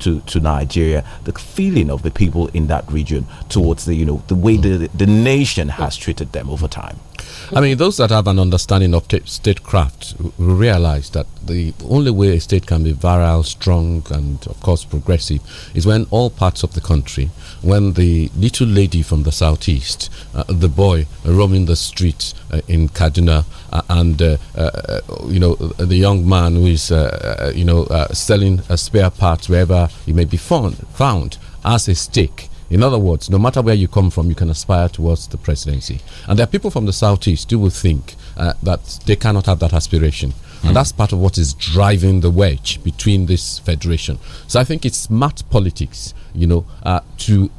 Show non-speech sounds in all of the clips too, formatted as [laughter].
to, to Nigeria, the feeling of the people in that region towards the, you know, the way the, the nation has treated them over time? I mean, those that have an understanding of statecraft realize that the only way a state can be virile, strong, and of course progressive is when all parts of the country, when the little lady from the southeast, uh, the boy roaming the streets uh, in Kaduna, uh, and uh, uh, you know the young man who is uh, you know selling spare parts wherever he may be found, found as a stake in other words, no matter where you come from, you can aspire towards the presidency. And there are people from the southeast who will think uh, that they cannot have that aspiration. Mm. And hmm. that's part of what is driving the wedge between this federation. So I think it's smart politics, you know, uh, to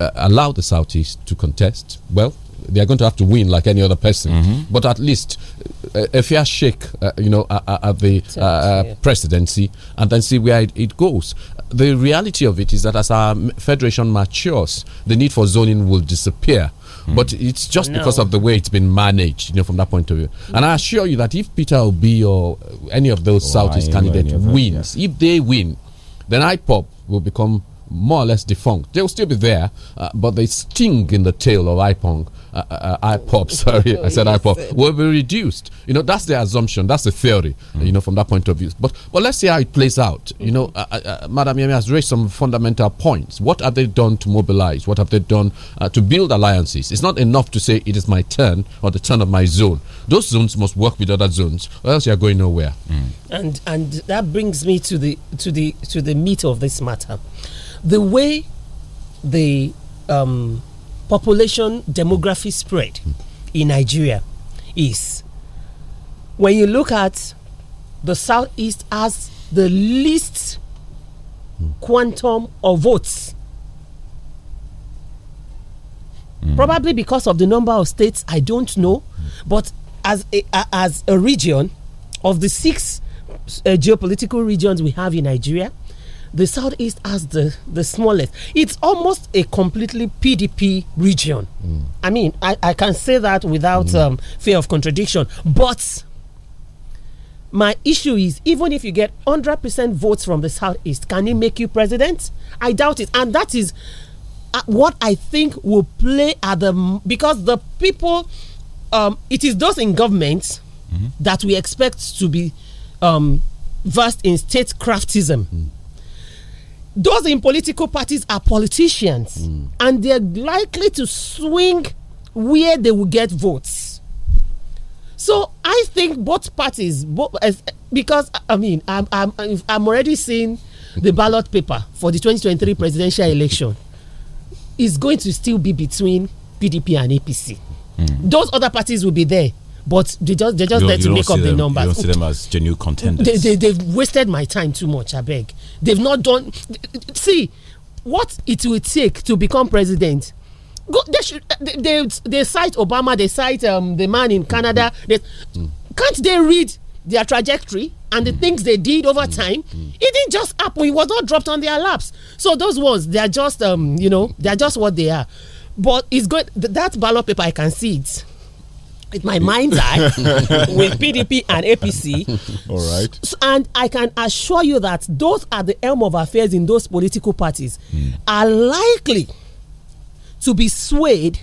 uh, allow the Southeast to contest. Well, they are going to have to win like any other person. Mm -hmm. But at least a, a fair shake, uh, you know, uh, uh, at, the uh, presidency, and then see where it, it goes. The reality of it is that as our federation matures, the need for zoning will disappear mm-hmm. but it's just no. because of the way it's been managed, you know, from that point of view. And I assure you that if Peter Obi or any of those South Southeast candidates wins, if they win, then IPOP will become more or less defunct. They'll still be there, uh, but the sting in the tail of IPONG uh, uh, uh, IPOP, [laughs] sorry, I said IPOP, will be reduced. You know, that's the assumption, that's the theory, mm. you know, from that point of view. But, but let's see how it plays out. You know, mm. uh, uh, uh, Madam Yemi has raised some fundamental points. What have they done to mobilize? What have they done to build alliances? It's not enough to say it is my turn or the turn of my zone. Those zones must work with other zones, or else you are going nowhere. Mm. And, and that brings me to the, to, the, to the meat of this matter. The way the um, population demography spread in Nigeria is when you look at the southeast has the least quantum of votes mm. probably because of the number of states i don't know but as a, as a region of the six uh, geopolitical regions we have in nigeria the southeast has the, the smallest. It's almost a completely PDP region. Mm. I mean, I, I can say that without mm. um, fear of contradiction. But my issue is even if you get 100% votes from the southeast, can it make you president? I doubt it. And that is uh, what I think will play at the. Because the people, um, it is those in government mm -hmm. that we expect to be. Um, versed in statecraftism. Mm those in political parties are politicians mm. and they're likely to swing where they will get votes. So I think both parties, both, eh, because I mean, I'm, I'm, I'm already seeing the ballot paper for the 2023 presidential election is going to still be between PDP and APC. Mm. Those other parties will be there but they just they just you, there to make up them, the numbers. You don't see them as genuine contenders. They, they, they've wasted my time too much, I beg. They've not done. See, what it will take to become president Go, they, should, they, they, they cite obama they cite um, the man in canada mm-hmm. they, mm. can't they read their trajectory and the mm. things they did over mm. time mm. it didn't just happen it was not dropped on their laps so those ones they are just um, you know they are just what they are but it's good that ballot paper i can see it [laughs] with my mind's eye with PDP and APC. All right. and I can assure you that those at the helm of affairs in those political parties mm. are likely to be swayed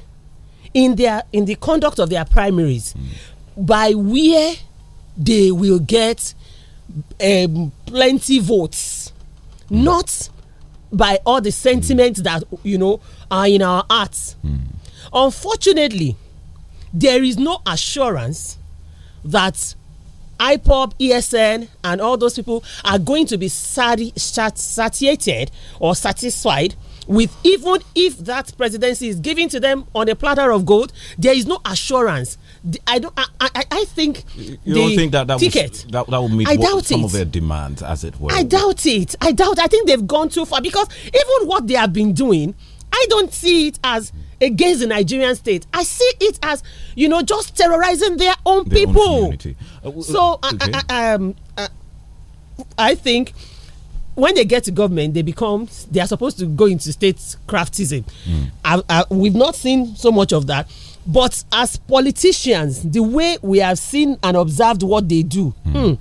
in their in the conduct of their primaries mm. by where they will get um, plenty votes, mm. not by all the sentiments hmm. that you know are in our hearts. Hmm. Unfortunately there is no assurance that IPOP, ESN, and all those people are going to be sati satiated or satisfied with even if that presidency is given to them on a platter of gold, there is no assurance. I don't. I. I, I think. You don't think that that ticket, would, that, that would meet I doubt what, some it. of their demands, as it were. I doubt it. I doubt. I think they've gone too far because even what they have been doing, I don't see it as against the Nigerian state. I see it as, you know, just terrorizing their own their people. Own uh, so, okay. I, I, um, I, I think when they get to government, they become they are supposed to go into statecraftism. Mm. I, I, we've not seen so much of that, but as politicians, the way we have seen and observed what they do. Mm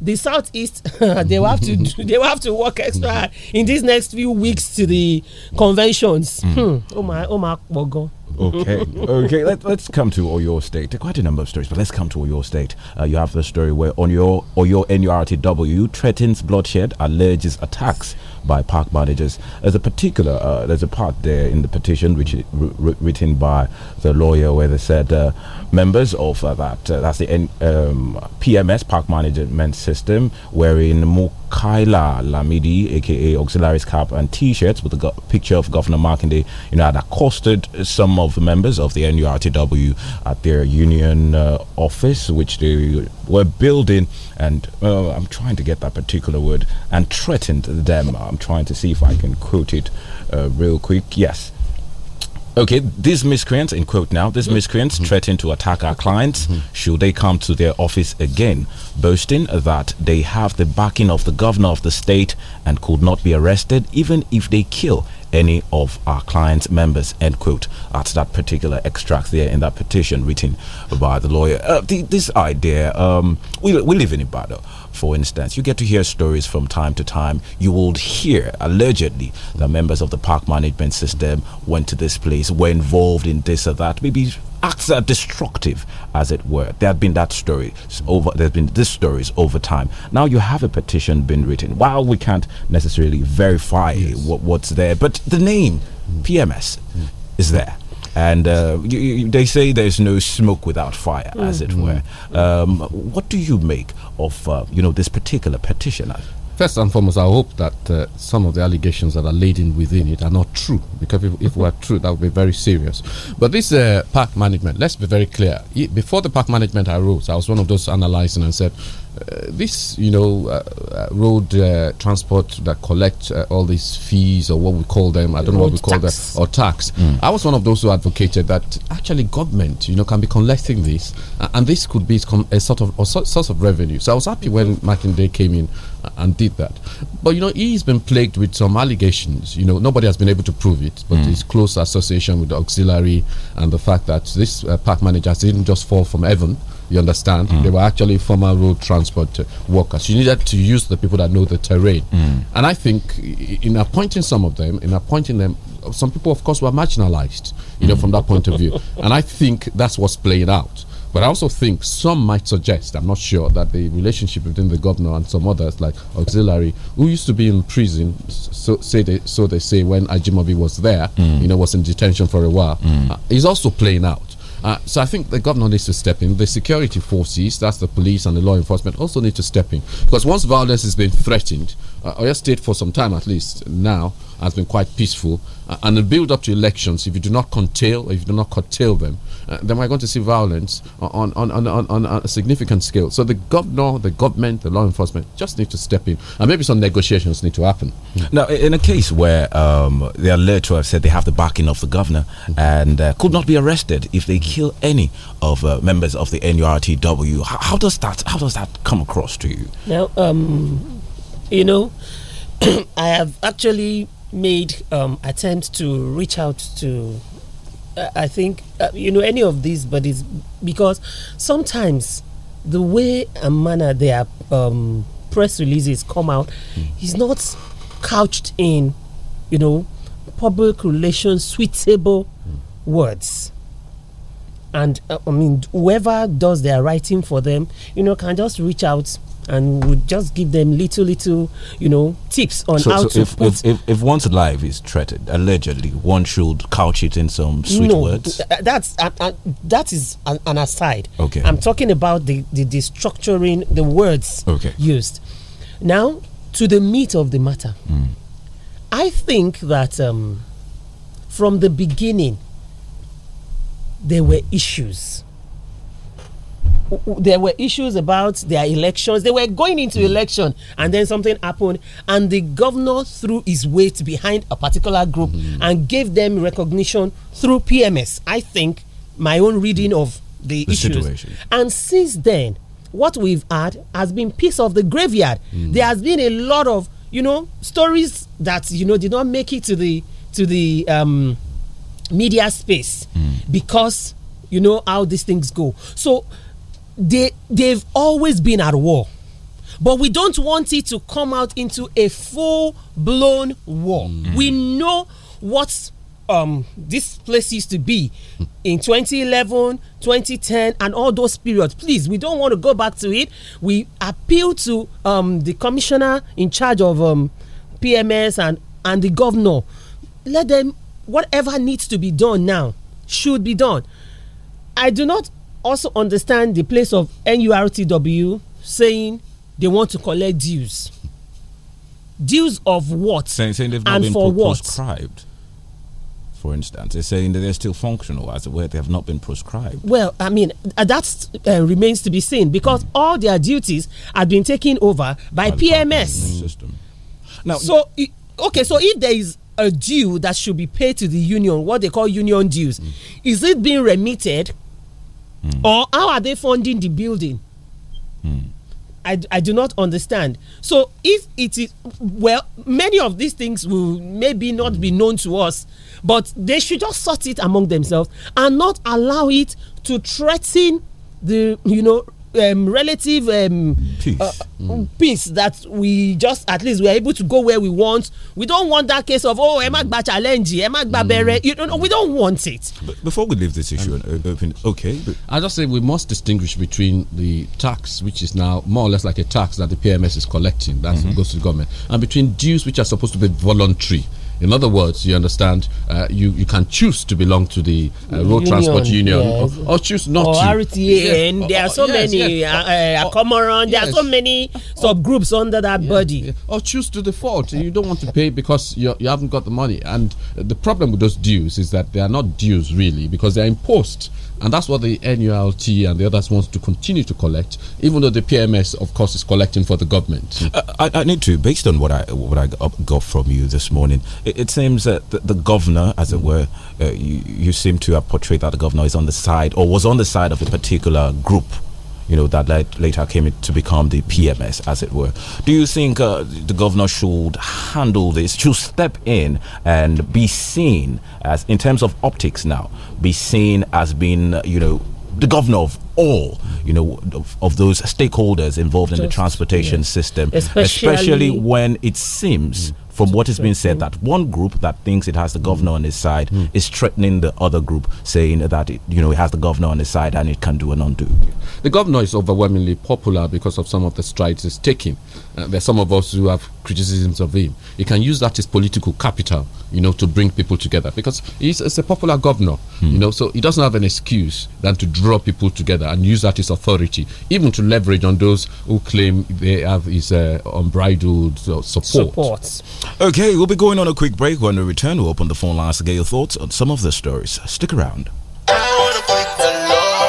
the southeast [laughs] they will have to they will have to work extra mm-hmm. in these next few weeks to the conventions. Mm. Hmm. Oh my, oh my, oh God okay, [laughs] okay. Let, let's come to Oyo State. Quite a number of stories, but let's come to Oyo State. Uh, you have the story where on your Oyo NURTW threatens bloodshed, alleges attacks by park managers. There's a particular, uh, there's a part there in the petition which written by the lawyer where they said uh, members of uh, that, uh, that's the N um, PMS, Park Management System, wherein more Kyla Lamidi, aka Auxiliaries cap and T-shirts with a picture of Governor Markinde, you know, had accosted some of the members of the NURTW at their union uh, office, which they were building, and uh, I'm trying to get that particular word, and threatened them. I'm trying to see if I can quote it uh, real quick. Yes. Okay, these miscreants, in quote now, these miscreants mm -hmm. threaten to attack our clients mm -hmm. should they come to their office again, boasting that they have the backing of the governor of the state and could not be arrested even if they kill any of our clients' members, end quote, at that particular extract there in that petition written by the lawyer. Uh, this idea, um, we, we live in Ibadan, for instance. You get to hear stories from time to time. You would hear, allegedly, that members of the park management system went to this place, were involved in this or that, maybe acts are destructive, as it were. There have been that story over. There's been these stories over time. Now you have a petition being written. While we can't necessarily verify yes. what, what's there, but the name PMS mm. is there and uh, you, you, they say there's no smoke without fire, mm. as it mm. were. Mm. Um, what do you make of uh, you know this particular petitioner? first and foremost, I hope that uh, some of the allegations that are in within it are not true, because if, if were true, that would be very serious. But this uh, park management, let's be very clear. Before the park management arose, I was one of those analyzing and said, uh, this, you know, uh, uh road uh, transport that collect uh, all these fees or what we call them, I don't road know what we call them, or tax. Mm. I was one of those who advocated that actually government, you know, can be collecting this, and this could be a sort of a source of revenue. So I was happy when Martin Day came in uh, and did that. But you know, he's been plagued with some allegations. You know, nobody has been able to prove it, but mm. his close association with the auxiliary and the fact that this park manager didn't just fall from heaven. You understand? Mm. They were actually former road transport uh, workers. You needed to use the people that know the terrain. Mm. And I think in appointing some of them, in appointing them, some people, of course, were marginalized, you know, mm. from that point of view. [laughs] And I think that's what's playing out. But I also think some might suggest, I'm not sure, that the relationship between the governor and some others, like Auxiliary, who used to be in prison, so, they, so they say, when Ajimobi was there, mm. you know, was in detention for a while, mm. uh, is also playing out. Uh, so I think the government needs to step in. The security forces, that's the police and the law enforcement, also need to step in because once violence has been threatened, uh, Oyo State for some time at least now has been quite peaceful. Uh, and the build up to elections, if you do not curtail, if you do not curtail them, uh, then we're going to see violence on, on, on, on, on a significant scale. So the governor, the government, the law enforcement just need to step in. And maybe some negotiations need to happen. Now, in a case where um, they are alleged to have said they have the backing of the governor mm -hmm. and uh, could not be arrested if they kill any of uh, members of the NURTW, how, how, does that how does that come across to you? Now, um, you know, [clears throat] I have actually made um, attempts to reach out to I think, uh, you know, any of these bodies, because sometimes the way and manner their um, press releases come out mm. is not couched in, you know, public relations suitable mm. words. And uh, I mean, whoever does their writing for them, you know, can just reach out and would just give them little little you know tips on so, how so to if, if, if, if, one's life is threatened allegedly one should couch it in some sweet no, words uh, that's uh, uh, that is an, an, aside okay i'm talking about the, the, the structuring the words okay. used now to the meat of the matter mm. i think that um, from the beginning there were issues there were issues about their elections. They were going into mm. election, and then something happened, and the governor threw his weight behind a particular group mm. and gave them recognition through PMS. I think my own reading of the, the issues. Situation. And since then, what we've had has been piece of the graveyard. Mm. There has been a lot of you know stories that you know did not make it to the to the um, media space mm. because you know how these things go. So they they've always been at war but we don't want it to come out into a full blown war. Mm. We know what um, this place used to be in 2011, 2010, and all those periods. Please, we don't want to go back to it. We appeal to um, the commissioner in charge of um, PMS and, and the governor. Let them, whatever needs to be done now, should be done. I do not also understand the place of NURTW saying they want to collect dues. Dues of what? Saying, saying they've not been for proscribed. For instance, they're saying that they're still functional, as it were. They have not been proscribed. Well, I mean, uh, that uh, remains to be seen because mm. all their duties have been taken over by, by PMS system. Now, so okay, so if there is a due that should be paid to the union, what they call union dues, mm. is it being remitted Mm. Or how are they funding the building? Hmm. I, I do not understand. So if it is well, many of these things will maybe not be known to us, but they should just sort it among themselves and not allow it to threaten the you know um, relative um, peace. Uh, mm. Um, peace that we just at least we are able to go where we want. We don't want that case of oh Emma gba challenge, Emma gba mm. You know, we don't want it. But before we leave this issue and um, uh, uh, open, okay. I just say we must distinguish between the tax, which is now more or less like a tax that the PMS is collecting, that mm -hmm. goes to the government, and between dues, which are supposed to be voluntary. In other words, you understand, uh, you you can choose to belong to the uh, road union, transport union yes. or, or, choose not or to. Yes. There are oh, so oh, yes, many. Yes. Uh, oh, uh Comoran. There are so many subgroups under that body. Or choose to default. You don't want to pay because you you haven't got the money. And the problem with those dues is that they are not dues really because they are imposed and that's what the NULT and the others want to continue to collect, even though the PMS, of course, is collecting for the government. Uh, I, I need to, based on what I what I got from you this morning, it, seems that the, governor, as it mm. were, uh, you, you seem to have portrayed that the governor is on the side or was on the side of a particular group you know that later came to become the PMS, as it were. Do you think uh, the governor should handle this? Should step in and be seen as, in terms of optics now, be seen as being, you know, the governor of all, you know, of, of those stakeholders involved Just, in the transportation yeah. system, especially, especially, when it seems. Mm from what has been said that one group that thinks it has the governor on its side mm. is threatening the other group, saying that it, you know, it has the governor on its side and it can do and undo. The governor is overwhelmingly popular because of some of the strides he's taking. Uh, there are some of us who have criticisms of him. He can use that as political capital, you know, to bring people together because he's, he's a popular governor, mm. you hmm. know, so he doesn't have an excuse than to draw people together and use that as authority, even to leverage on those who claim they have his uh, unbridled uh, support. support. Okay, we'll be going on a quick break. When we return, we'll open the phone lines to get your thoughts on some of the stories. Stick around.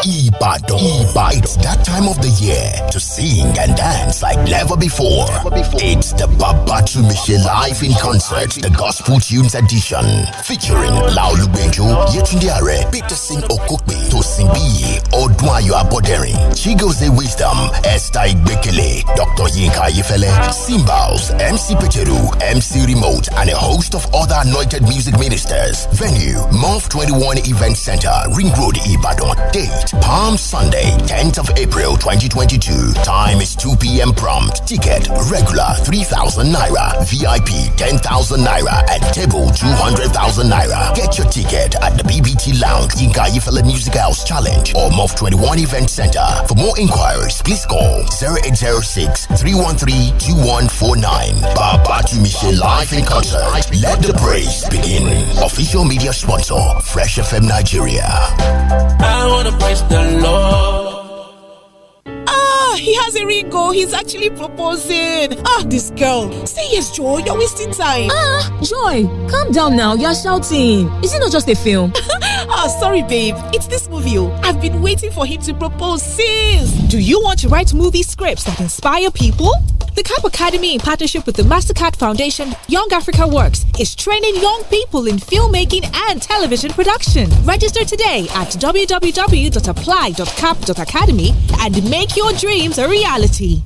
Ibadan. Ibadan. It's that time of the year to sing and dance like never before. Never before. It's the Babatu Michel Live in Concert, the Gospel Tunes Edition. Featuring Laulu Benjo, Yetunde Are, Peterson Okokbe, Tosin B, Odwayo Aboderi, Chigoze Wisdom, Esther Igbekele, Dr. Yinka Yefele, Cymbals, MC Peteru, MC Remote, and a host of other anointed music ministers. Venue, MOV 21 Event Center, Ring Road, Ibadan. Date Palm Sunday, 10th of April 2022. Time is 2 p.m. prompt. Ticket, regular 3,000 Naira. VIP, 10,000 Naira. And table, 200,000 Naira. Get your ticket at the BBT Lounge, in Ifele Music House Challenge or MOV 21 Event Center. For more inquiries, please call 0806 313 2149. Baba Tumishe Live in Concert. Let the praise begin. Official media sponsor, Fresh FM Nigeria. I want to praise the Lord. Ah, he has a ringo. Oh, he's actually proposing. Ah, this girl. Say yes, Joy. You're wasting time. Ah, Joy, calm down now. You're shouting. Is it not just a film? [laughs] Oh, sorry, babe. It's this movie. Oh. I've been waiting for him to propose since. Do you want to write movie scripts that inspire people? The CAP Academy, in partnership with the MasterCard Foundation, Young Africa Works, is training young people in filmmaking and television production. Register today at www.apply.cap.academy and make your dreams a reality.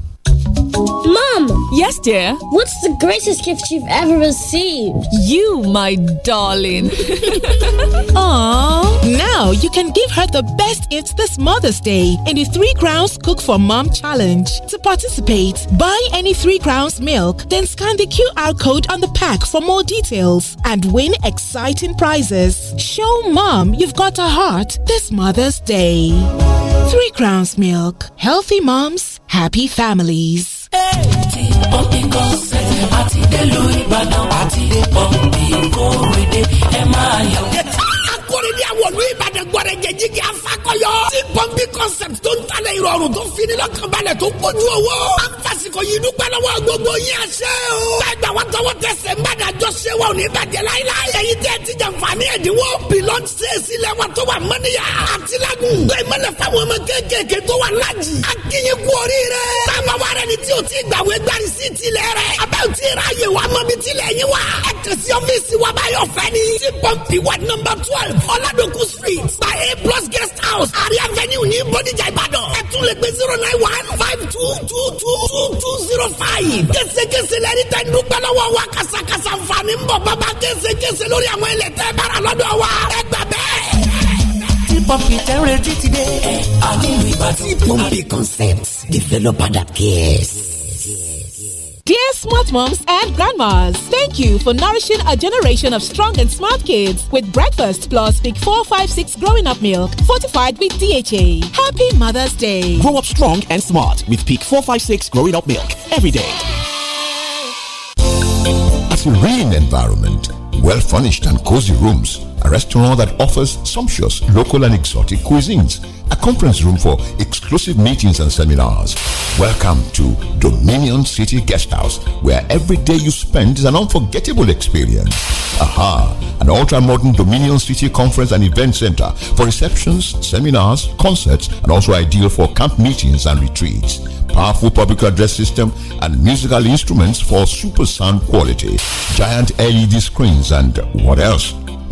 Mom! Yes, dear? What's the greatest gift you've ever received? You, my darling. [laughs] Aww. Now you can give her the best gift this Mother's Day in the Three Crowns Cook for Mom Challenge. To participate, buy any Three Crowns milk, then scan the QR code on the pack for more details and win exciting prizes. Show Mom you've got a heart this Mother's Day. Three Crowns Milk. Healthy moms happy families. Hey. rẹ̀ jẹ́ jíjí afakọyọ. tí pọ́ńpì concept tó ń talẹ̀ ìrọ̀rùn tó fini lọ́kànbalẹ̀ tó kojú owó. a ń fasikọ̀ yìí dúpẹ́ lọ́wọ́ gbogbo yín àṣẹ o. gbàgbà wa tọwọ́ tẹsẹ̀ ń bàdà jọ ṣe wa ò ní bàjẹ́ láíláí. èyí tẹ́ ti jàǹfààní ẹ̀dínwó. bilọ́n ṣe é sílẹ̀ wa tó wà mọ́níyà. àtìlágùn gbé mọ́lẹ̀ fáwọn ọmọ kéékèèké tó wà lájì. a kì í kú oríire. sábà wa rẹ ni tí o ti gbàwé gbàrí sí tilẹ̀ rẹ. abẹ́ ò ti ra yè wa mọ́ bí tilẹ̀ yín wa. ẹ kàn sí ọ́fíìsì wa báyọ̀ fẹ́ ni. ti pọ́ǹpì wa nọ́mbà twelve ọ̀làdọ̀kú street. A plus guest house àrí avenue ní Bódìjà Ìbàdàn. Ẹ tún lè gbé zero nine one five two two two two two zero five. Késekése lẹ́ni tẹ́ ń dúpẹ́ lọ́wọ́ wa kàṣàkàṣà nfààní ń bọ̀ bàbá késekése lórí àwọn ilẹ̀ tẹ́ bára lọ́dọ̀ wa. Ẹ gbà bẹ́ẹ̀ pọ́ǹpì tẹ́rẹ̀ẹ́dì ti dé. Eh, àní ìbàdàn. Tí pọ́ǹpì concepts developer that cares. Dear smart moms and grandmas, thank you for nourishing a generation of strong and smart kids with breakfast plus Peak 456 growing up milk fortified with DHA. Happy Mother's Day. Grow up strong and smart with Peak 456 growing up milk every day. A serene environment well furnished and cozy rooms, a restaurant that offers sumptuous local and exotic cuisines, a conference room for exclusive meetings and seminars. Welcome to Dominion City Guest House, where every day you spend is an unforgettable experience. Aha! An ultra modern Dominion City Conference and Event Center for receptions, seminars, concerts, and also ideal for camp meetings and retreats powerful public address system and musical instruments for super sound quality, giant LED screens, and what else?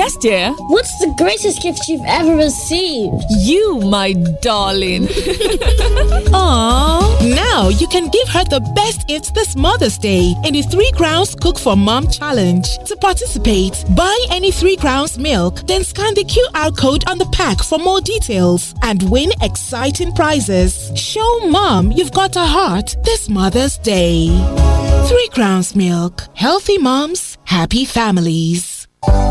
Yes, dear. What's the greatest gift you've ever received? You, my darling. [laughs] Aww. Now you can give her the best gift this Mother's Day in the Three Crowns Cook for Mom Challenge. To participate, buy any Three Crowns milk, then scan the QR code on the pack for more details and win exciting prizes. Show mom you've got a heart this Mother's Day. Three Crowns Milk. Healthy moms, happy families.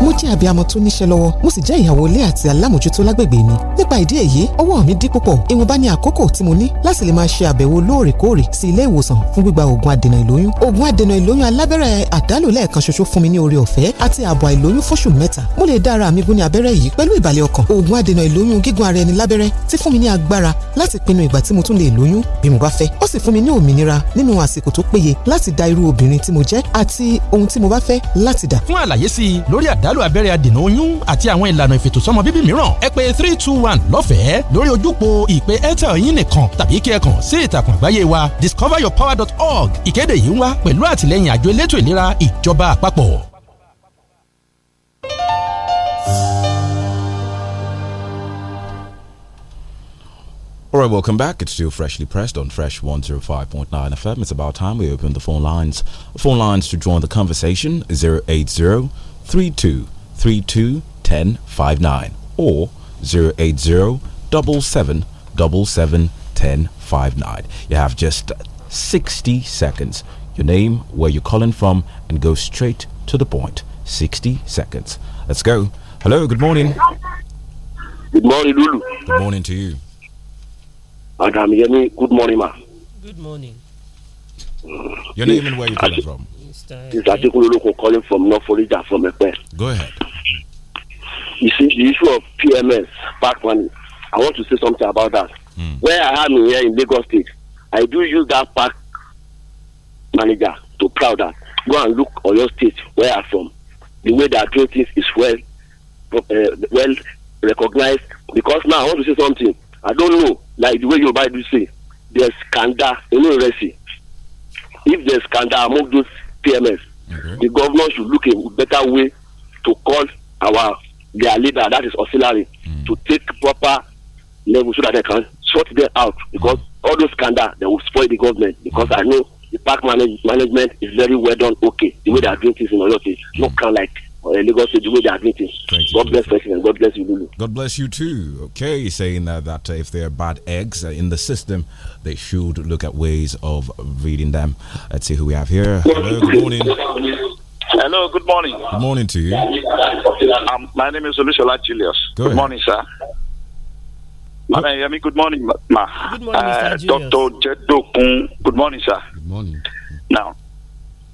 mo jẹ́ abiyamọ tó níṣẹ́ lọ́wọ́ mo sì jẹ́ ìyàwó ilé àti alámòjútó lágbègbè mi nípa ìdí èyí ọwọ́ mi dí púpọ̀ ìwọ̀nba ní àkókò tí mo ní láti lè máa ṣe àbẹ̀wò lóòrèkóòrè sí ilé ìwòsàn fún gbígba oògùn adènà ìlóyún oògùn adènà ìlóyún alábẹ́rẹ́ àdálò lẹ́ẹ̀kan ṣoṣo fún mi ní orí ọ̀fẹ́ àti ààbò àìlóyún fóṣù mẹ́ta mo lè dá ara mi gún ní abẹ́rẹ́ yìí pẹ̀lú ìbàlẹ̀ ọkàn oògùn adènà ìlóyún gígùn ara ẹni lábẹ́rẹ́ ti fún mi ní agbára láti pinnu ìgbà tí mo tún lè lóyún bí mo bá fẹ́ ó sì fún mi ní òmìnira nínú àsìkò tó péye láti dá irú obìnrin tí mo jẹ́ àti ohun tí mo bá fẹ́ láti dà. fún àlàyé sí i lórí lórí àdálù abẹ́rẹ́ adènà oyún àti àwọn ìlànà ìfètòsọ́mọ bíbí mìíràn ẹ pè three two one lọ́fẹ̀ẹ́ lórí ojúpo ìpè airtel yín nìkan tàbí kí ẹ kàn sí ìtàkùn àgbáyé wa discoveryourpower.org ìkéde yìí ń wá pẹ̀lú àtìlẹ́yìn àjọ elétò ìlera ìjọba àpapọ̀. All right, welcome back. It's still freshly pressed on Fresh 105.9 FM. It's about time we open the phone lines. Phone lines to join the conversation 080 3232 two ten five nine or 080 7777 You have just 60 seconds. Your name, where you're calling from, and go straight to the point. 60 seconds. Let's go. Hello, good morning. Good morning, Lulu. Good morning to you. Madam good morning, ma. Good morning. Your name and where you're calling from? This article local calling from North Florida from Epe. Go ahead. You see, the issue of PMS, back money, I want to say something about that. Mm. Where I am here in Lagos State, I do use that park manager to proud that. Go and look on your State, where I'm from. The way they are doing things is well, uh, well recognized. Because now I want to say something. I don't know, like the way you buy do thing, there's scandal, you know, If there's scandal among those PMS. Mm-hmm. The governor should look a better way to call our their leader, that is auxiliary, mm. to take proper level so that they can sort them out. Because mm. all those scandal they will spoil the government. Because mm. I know the park manage management is very well done, okay. The way they are doing things in Oyo State, no mm. can like Lagos State the way they are meeting. God bless President. God bless you, Lulu. God bless you too. Okay, saying that uh, if there are bad eggs uh, in the system, they should look at ways of reading them. Let's see who we have here. Hello, good morning. Hello, good morning. Good morning to you. Um, my name is Olusola Julius. Go good ahead. morning, sir. Good. good morning, ma. Good morning, Mr. Uh, Dr. Good morning, sir. Good morning. Now,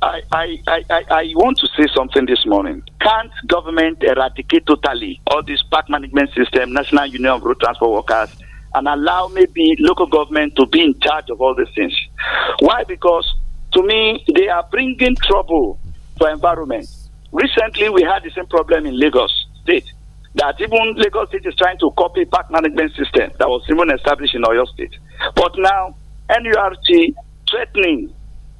I, I, I, I want to say something this morning. Can't government eradicate totally all this park management system, National Union of Road Transport Workers, and allow maybe local government to be in charge of all these things? Why? Because to me, they are bringing trouble for environment. Recently, we had the same problem in Lagos State that even Lagos State is trying to copy park management system that was even established in Oyo State. But now, NURT threatening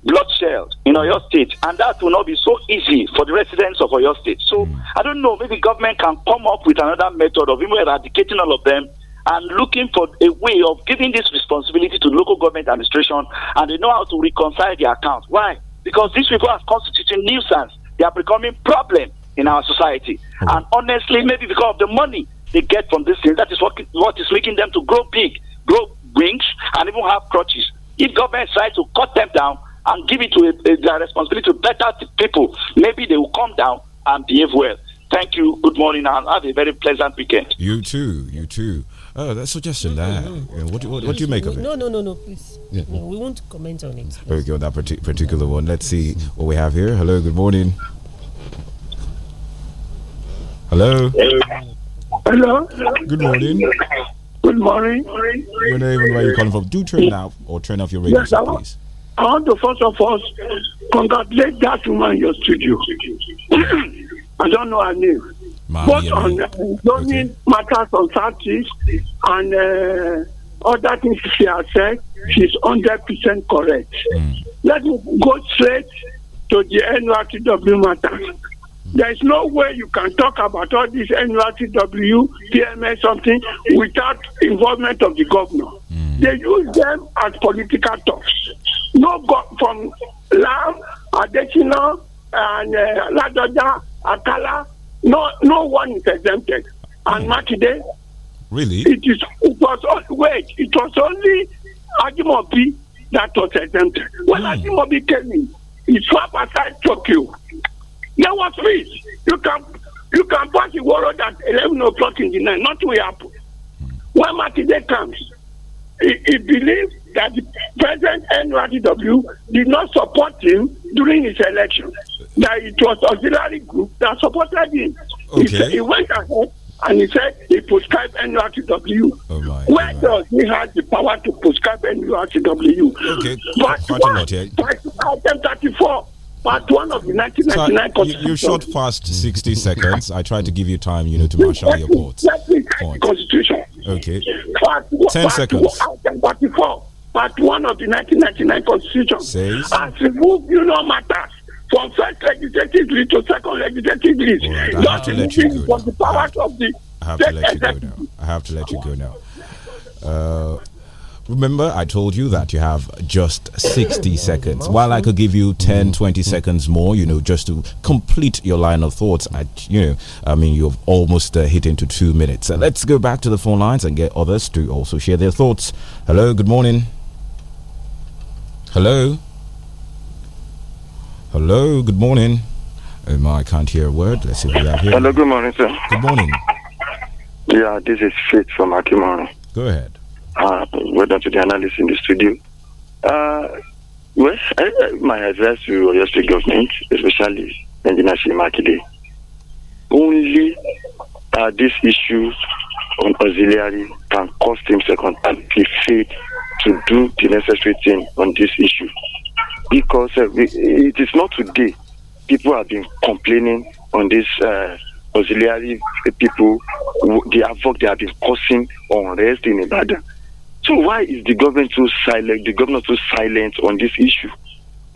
bloodshed in Oyo State, and that will not be so easy for the residents of Oyo State. So hmm. I don't know. Maybe government can come up with another method of even eradicating all of them and looking for a way of giving this responsibility to local government administration, and they know how to reconcile the accounts. Why? Because these people are constituting nuisance. They are becoming problem in our society, hmm. and honestly, maybe because of the money they get from this thing, that is what what is making them to grow big, grow wings, and even have crutches. If government decides to cut them down, and give it to a, a, their responsibility to better people. Maybe they will come down and behave well. Thank you. Good morning, and have a very pleasant weekend. You too. You too. Oh, that's suggestion no, that. No, no. What, do, what, what, do you make of it? No, no, no, no. Please, yeah. no, we won't comment on it. Okay, on that particular one. Let's see what we have here. Hello. Good morning. Hello. Hello. Good morning. Good morning. Your name and where you calling from? Do turn yeah. off or turn off your radio, yes, please. I want to first of all congratulate that woman in your studio. [clears throat] I don't know her name. Mom, Both yeah, on uh, okay. matters on Saturdays and uh, other things she has said, she's 100% correct. Mm. Let me go straight to the NRTW matter. Mm. There is no way you can talk about all this NRTW, PMS, something without involvement of the governor. Mm. They use them as political talks no go from Lam, adetina and uh, Ladoja, Akala. No, no one is exempted. And hmm. Makide. Really? It is. It was wait. It was only Ajimobi that was exempted. When mm. Ajimobi came in, he swapped aside Tokyo. There was peace. You can you can pass the world at eleven o'clock in the night. Nothing will happen. Mm. When Makide comes, he, he believes that the present NRDW did not support him during his election. That it was auxiliary group that supported him. Okay. He, he went ahead and he said he prescribed NRTW. Oh Where oh does he have the power to prescribe NRTW? Okay, part one, part item 34, part one of the 1999 so Constitution. You, you shot past 60 seconds. I tried to give you time, you know, to marshal your thoughts. Constitution. Okay. Part, Ten part seconds. part 1 of the 1999 Constitution Says. has removed know matters from first legislatively to second legislatively. lead. Right, Not removing from the powers of I have to let you go now. I have to let you go now. Uh, Remember, I told you that you have just 60 seconds. While I could give you 10, 20 seconds more, you know, just to complete your line of thoughts, I, you know, I mean, you've almost uh, hit into two minutes. So let's go back to the phone lines and get others to also share their thoughts. Hello, good morning. Hello. Hello, good morning. Oh my, I can't hear a word. Let's see what we have here. Hello, good morning, sir. Good morning. Yeah, this is Faith from Akimaro. Go ahead uh, whether to the analysts in the studio. Uh, well, I, my advice to Oyo State government, especially Engineer Shimakide, only uh, this issue on auxiliary can cost him second and he failed to do the necessary thing on this issue. Because uh, we, it is not today people have been complaining on this uh, auxiliary people, the havoc they have been causing unrest rest in Ibadan. So why is the government so silent, the governor so silent on this issue?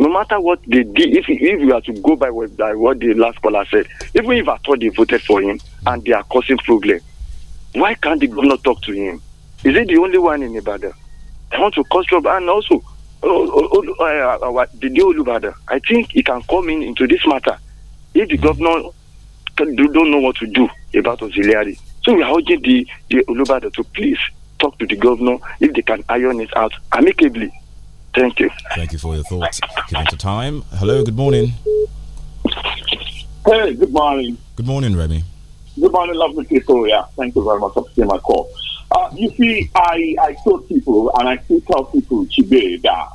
No matter what they did, if, if we are to go by what, by what the last caller said, even if I thought they voted for him and they are causing problem, why can't the governor talk to him? Is he the only one in Ibadan? I want to cause trouble and also uh, uh, uh, Didi Olubada, I think he can come in into this matter if the governor do, don't know what to do about auxiliary. So we are urging the, the to please talk to the governor if they can iron it out amicably. Thank you. Thank you for your thoughts. Given to time. Hello, good morning. Hey, good morning. Good morning, Remy. Good morning, lovely people. Yeah, thank you very much for taking my call. Uh, you see, I, I told people and I still tell people today that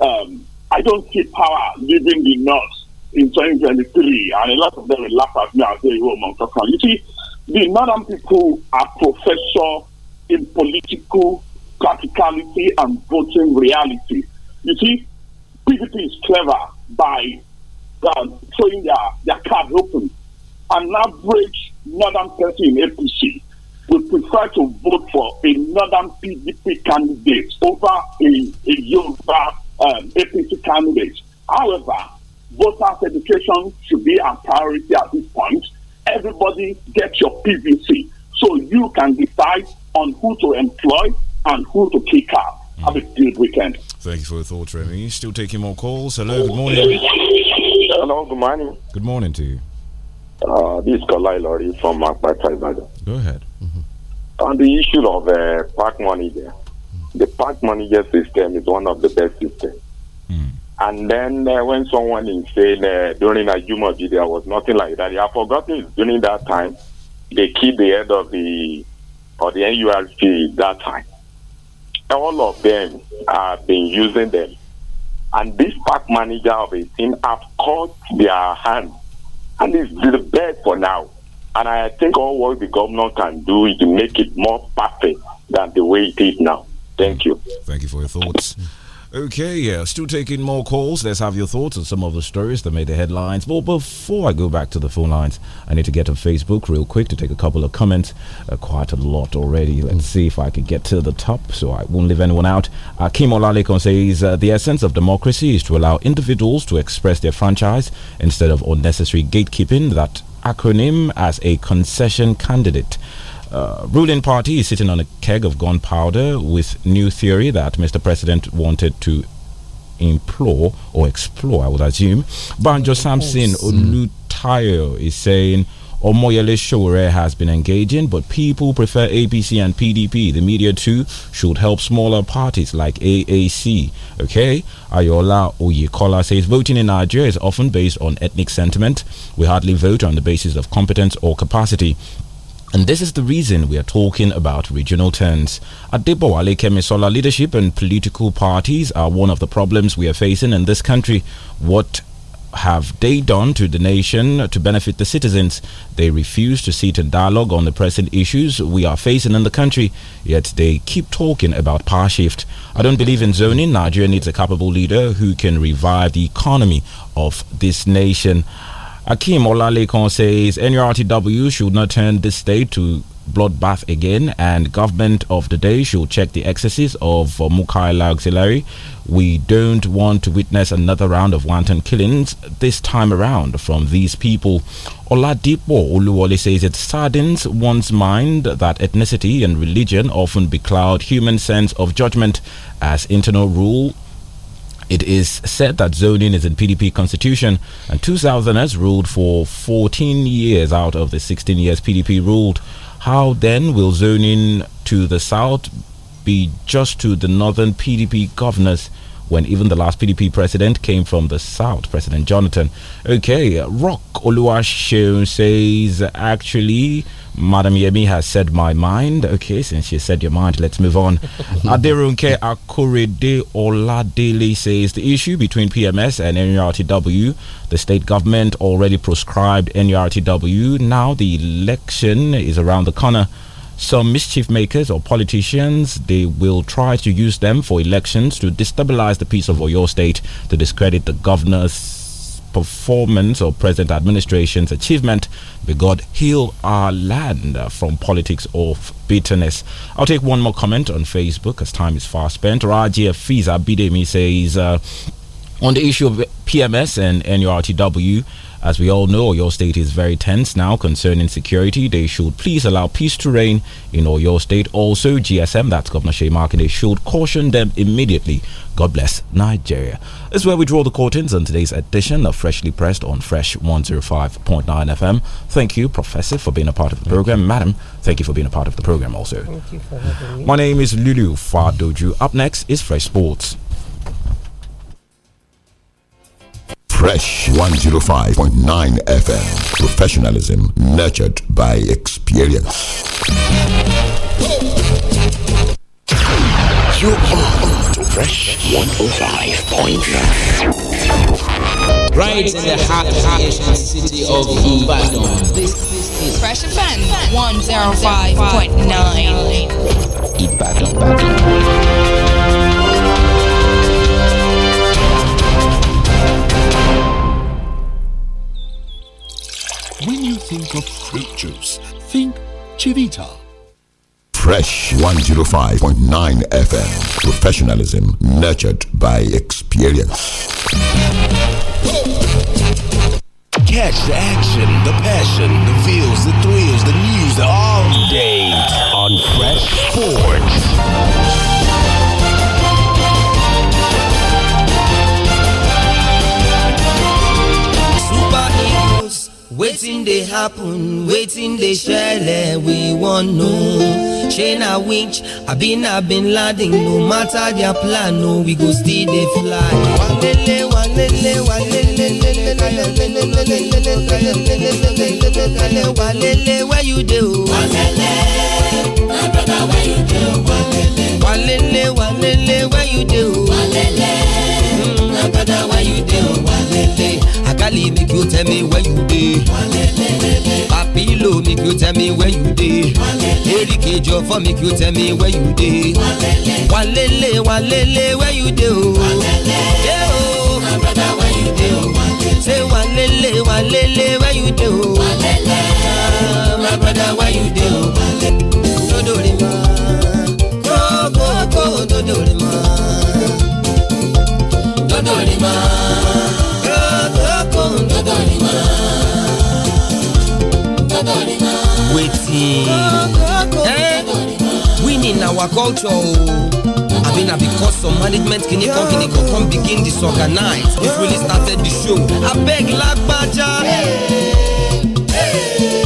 um, I don't see power leaving the North in 2023, and a lot of them will laugh at me and say, oh, Mount You see, the northern people are professor in political practicality and voting reality. You see, PDP is clever by uh, throwing their, their card open. An average northern person in APC would prefer to vote for a northern PDP candidate over a, a Yoruba um, APC candidate. However, voters' education should be a priority at this point. Everybody get your PVC so you can decide on who to employ and who to kick out. Mm. Have a good weekend. Thank you for your thoughts, Remy. Still taking more calls. Hello, good morning. Hello, good morning. Good morning to you. Uh, this is Kolai Lori from Akbata Ibadan. Go ahead. Mm -hmm. On the issue of uh, park manager, mm. the park manager system is one of the best systems. Hmm. And then uh, when someone is saying uh, during a human video, there was nothing like that. I forgot forgotten during that time, they keep the head of the or the NURP that time. all of them have been using them. And this park manager of a team have caught their hand. And it's the best for now. And I think all what the governor can do is to make it more perfect than the way it is now. Thank you. Thank you for your thoughts. Okay, yeah. Still taking more calls. Let's have your thoughts on some of the stories that made the headlines. But before I go back to the phone lines, I need to get on Facebook real quick to take a couple of comments. Uh, quite a lot already. Let's mm. see if I can get to the top so I won't leave anyone out. Uh, Kim Olalekon says uh, the essence of democracy is to allow individuals to express their franchise instead of unnecessary gatekeeping that acronym as a concession candidate. Uh, ruling party is sitting on a keg of gunpowder with new theory that Mr. President wanted to implore or explore, I would assume. Banjo Samson mm. Olutayo is saying Omoyele Shore has been engaging, but people prefer APC and PDP. The media too should help smaller parties like AAC. Okay? Ayola Oyekola says voting in Nigeria is often based on ethnic sentiment. We hardly vote on the basis of competence or capacity. And this is the reason we are talking about regional turns. Adebowale Kemisola leadership and political parties are one of the problems we are facing in this country. What have they done to the nation to benefit the citizens? They refuse to sit in dialogue on the present issues we are facing in the country, yet they keep talking about power shift. I don't believe in zoning. Nigeria needs a capable leader who can revive the economy of this nation. Akim Olalekon says NURTW should not turn this state to bloodbath again and government of the day should check the excesses of uh, Mukaila Auxiliary. We don't want to witness another round of wanton killings this time around from these people. Oladipo Oluwole says it saddens one's mind that ethnicity and religion often becloud human sense of judgment as internal rule it is said that zoning is in PDP constitution and 2000 has ruled for 14 years out of the 16 years PDP ruled. How then will zoning to the south be just to the northern PDP governors when even the last PDP president came from the south, President Jonathan? Okay, Rock Oluwaseun says actually Madam Yemi has said my mind. Okay, since she said your mind, let's move on. [laughs] Adirunke Akorede Oladele says the issue between PMS and NURTW, the state government already proscribed NURTW. Now the election is around the corner. Some mischief makers or politicians, they will try to use them for elections to destabilize the peace of Oyo State, to discredit the governors performance or President administration's achievement, may God heal our land uh, from politics of bitterness. I'll take one more comment on Facebook as time is far spent. Rajia Fiza Bidemi says, uh, on the issue of PMS and NURTW, as we all know, your state is very tense now concerning security. They should please allow peace to reign in your state. Also, GSM, that's Governor Shea Markin, they should caution them immediately. God bless Nigeria. This is where we draw the curtains on today's edition of Freshly Pressed on Fresh 105.9 FM. Thank you, Professor, for being a part of the program. Madam, thank you for being a part of the program also. Thank you for having me. My name is Lulu Fadoju. Up next is Fresh Sports. Fresh 105.9 FM. Professionalism nurtured by experience. You are on to Fresh 105.9. Right in the heart of the city of Ibadan. This is Fresh Offense 105.9. Ibadan. When you think of fruit juice, think Chivita. Fresh 105.9 FM. Professionalism nurtured by experience. Catch the action, the passion, the feels, the thrills, the news all day on Fresh Sports. wetin dey happen wetin dey shele we wan know shey na winch abi na bin landing no matter their plan no we go still dey fly. wàlélé wàlélé wàlélé where you oh? my brother where you oh? where you oh? my brother where you Agali make you tell me where you dey. Papilo make you tell me where you dey. Erike Jọfọ make you tell me where you dey. Walele walele where you dey o. Dey o. Oh. My brother where you dey o. Say walele walele where you dey o. Walele. My brother where you dey o. Dodorima. Kókó kó dodorima. Waiting. eh winning our culture o abi na because some management kini kan kini kan come begin disorganize it really started the show abeg lagbaja. Hey, hey.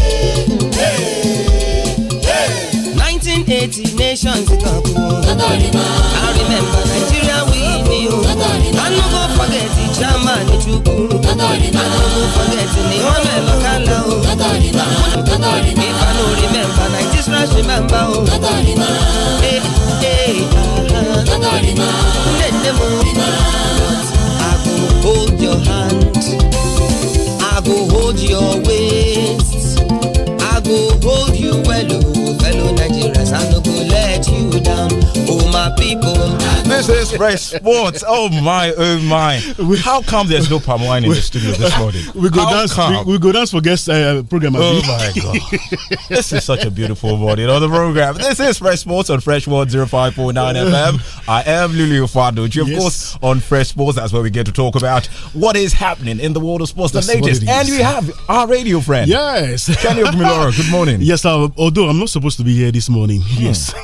eighty nations kan kú. Oh. I remember Nigeria we ni o. Oh. I no go forget the Germany Chukwu. I no go forget ni wọ́n mẹ́ lọ́kàlà o. If I no remember na Israel remember o. Ee ee ara. Nne nne hold your hand. I go hold your waist. I go hold you well. Oh. cause I know people. This is Fresh Sports. Oh my, oh my. How come there's no palm wine in the studio this morning? [laughs] We go How dance. Come? We, we go dance for guest uh, program. Oh my [laughs] god, this is such a beautiful morning on the program. This is Fresh Sports on Fresh World 0549 [laughs] FM. I am Lulu Faduchi, of yes. course, on Fresh Sports. That's where we get to talk about what is happening in the world of sports, That's the latest. And we have our radio friend. Yes. Kenny Ogumiloro, good morning. Yes, uh, although I'm not supposed to be here this morning. Hmm. Yes.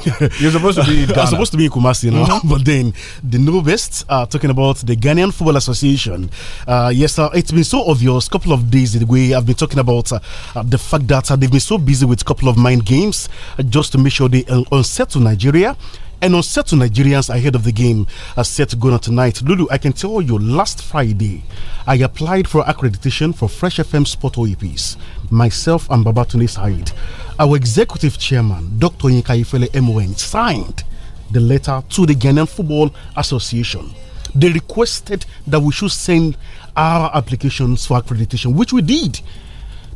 You're supposed to be. I'm supposed to be Kumasi now, mm -hmm. [laughs] but then the Nobest are uh, talking about the Ghanaian Football Association. Uh, yes, uh, it's been so obvious. Couple of days that we have been talking about uh, uh, the fact that uh, they've been so busy with a couple of mind games just to make sure they unsettle Nigeria and on set to Nigerians ahead of the game are set to go on tonight. Lulu, I can tell you last Friday, I applied for accreditation for Fresh FM Sport OEPs, myself and Babatunde Said. Our executive chairman, Dr. Yinka Ifele MON, signed the letter to the Ghanaian Football Association. They requested that we should send our applications for accreditation, which we did.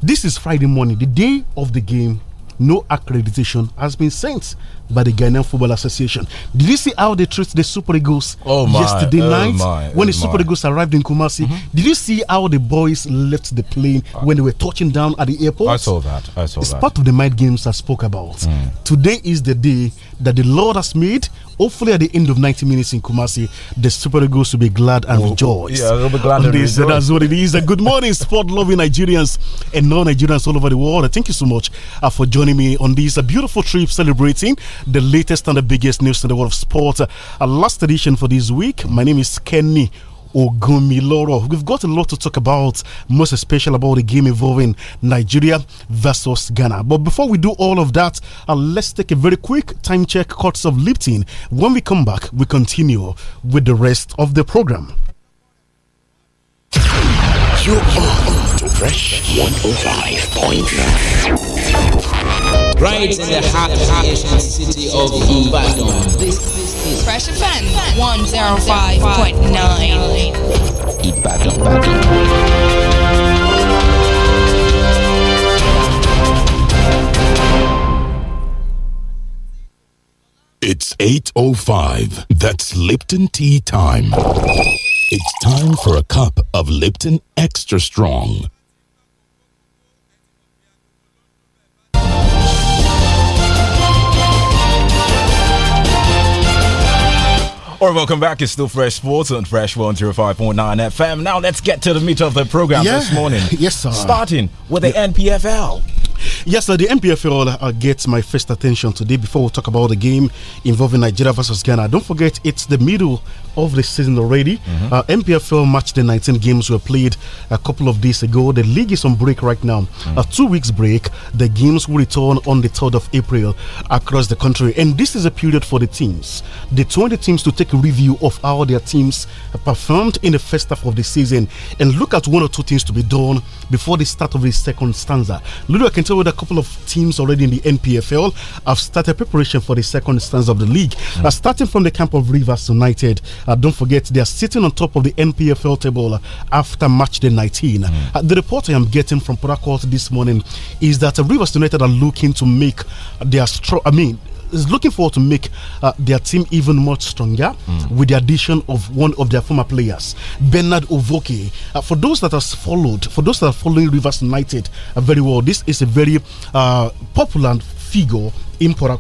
This is Friday morning, the day of the game. No accreditation has been sent by the Ghanaian Football Association. Did you see how they treat the Super Eagles oh my, yesterday oh night my, oh when the my. Super Eagles arrived in Kumasi? Mm -hmm. Did you see how the boys left the plane uh, when they were touching down at the airport? I saw that. I saw it's that. part of the mind games I spoke about. Mm. Today is the day that the Lord has made. Hopefully, at the end of 90 minutes in Kumasi, the Super Eagles will be glad and rejoice. Yeah, they'll be glad and this, rejoice. That's what it is. Good morning, sport loving Nigerians and non Nigerians all over the world. Thank you so much uh, for joining me on this beautiful trip celebrating the latest and the biggest news in the world of sport. Uh, our last edition for this week. My name is Kenny Ogumiloro. We've got a lot to talk about, most especially about the game involving Nigeria versus Ghana. But before we do all of that, uh, let's take a very quick time check, cuts of Lipton. When we come back, we continue with the rest of the program. You are on Fresh 105.9 right in the heart of the city of Ibadan. Fresh offense 105.9 Ibadan. Ibadan. It's 8.05. That's Lipton tea time. It's time for a cup of Lipton Extra Strong All right, welcome back. It's still Fresh Sports on Fresh 105.9 FM. Now let's get to the meat of the program yeah. this morning. [laughs] Yes, sir. Starting with the NPFL. Yes, sir, the MPFL uh, gets my first attention today before we talk about the game involving Nigeria versus Ghana. Don't forget, it's the middle of the season already. Mm -hmm. uh, MPFL match the 19 games were played a couple of days ago. The league is on break right now. Mm. A two weeks break. The games will return on the 3rd of April across the country. And this is a period for the teams, the 20 teams, to take a review of how their teams performed in the first half of the season and look at one or two things to be done before the start of the second stanza. Lulu United, with a couple of teams already in the NPFL, have started preparation for the second stance of the league. Mm. Uh, starting from the camp of Rivers United, uh, don't forget they are sitting on top of the NPFL table after match day 19. Mm. Uh, the report I am getting from Port this morning is that Rivers United are looking to make their strong. I mean, is looking forward to make uh, their team even much stronger mm. with the addition of one of their former players, Bernard Ovoke. Uh, for those that have followed, for those that are following Rivers United uh, very well, this is a very uh, popular figure in Port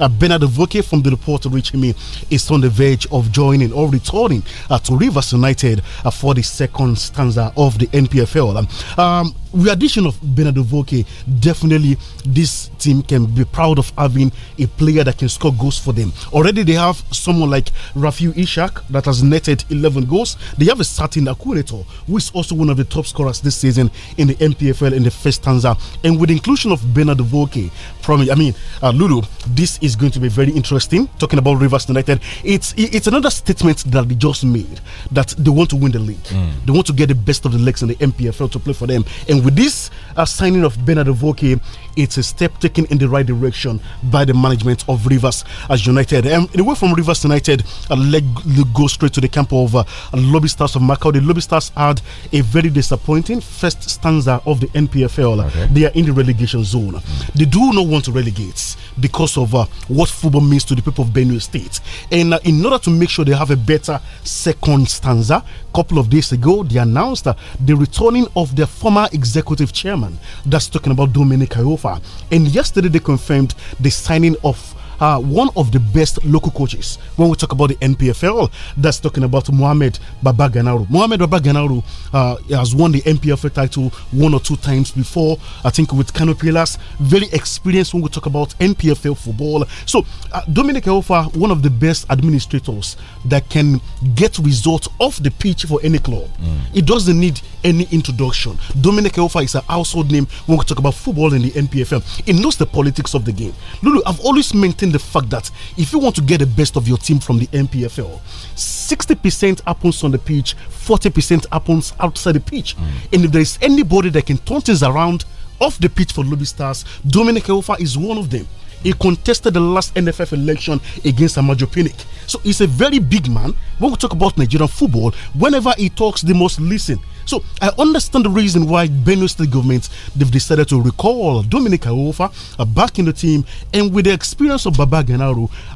Uh, Bernard Voke from the report reaching me is on the verge of joining or returning uh, to Rivers United uh, for the second stanza of the NPFL. Um, um, with addition of Bernard Voke, definitely this team can be proud of having a player that can score goals for them. Already they have someone like Rafiu Ishak that has netted 11 goals. They have a starting accumulator who is also one of the top scorers this season in the NPFL in the first stanza. And with the inclusion of Bernard Voke, from, I mean, uh, Lulu, this is going to be very interesting. Talking about Rivers United, it's it's another statement that they just made that they want to win the league. Mm. They want to get the best of the legs in the MPFL to play for them. And with this uh, signing of Bernard Voke, it's a step taken in the right direction by the management of Rivers as United. And away from Rivers United, uh, let, let go straight to the camp of uh, Lobby Stars of Macau. The Lobby Stars had a very disappointing first stanza of the NPFL. Okay. They are in the relegation zone. Mm. They do not want to relegate because of uh, what football means to the people of Benue State. And uh, in order to make sure they have a better second stanza, a couple of days ago, they announced uh, the returning of their former executive chairman. That's talking about Dominic Iofa. And yesterday, they confirmed the signing of uh, one of the best local coaches when we talk about the NPFL. That's talking about Mohamed Babaganaru. Mohamed Babaganaru uh, has won the NPFL title one or two times before, I think, with Canopilas. Very experienced when we talk about NPFL football. So, uh, Dominic Elfa, one of the best administrators that can get results off the pitch for any club. Mm. It doesn't need any introduction. Dominic Elfa is a household name when we talk about football in the NPFL. He knows the politics of the game. Lulu, I've always maintained the fact that if you want to get the best of your team from the NPFL, 60% happens on the pitch, 40% happens outside the pitch. Mm. And if there is anybody that can turn things around off the pitch for Lobby Stars, Dominic Elfa is one of them. He contested the last NFF election against Amadio Pinnick. So he's a very big man. When we talk about Nigerian football, whenever he talks, they must listen. So I understand the reason why Benue State government they've decided to recall Dominic Aofa back in the team, and with the experience of Baba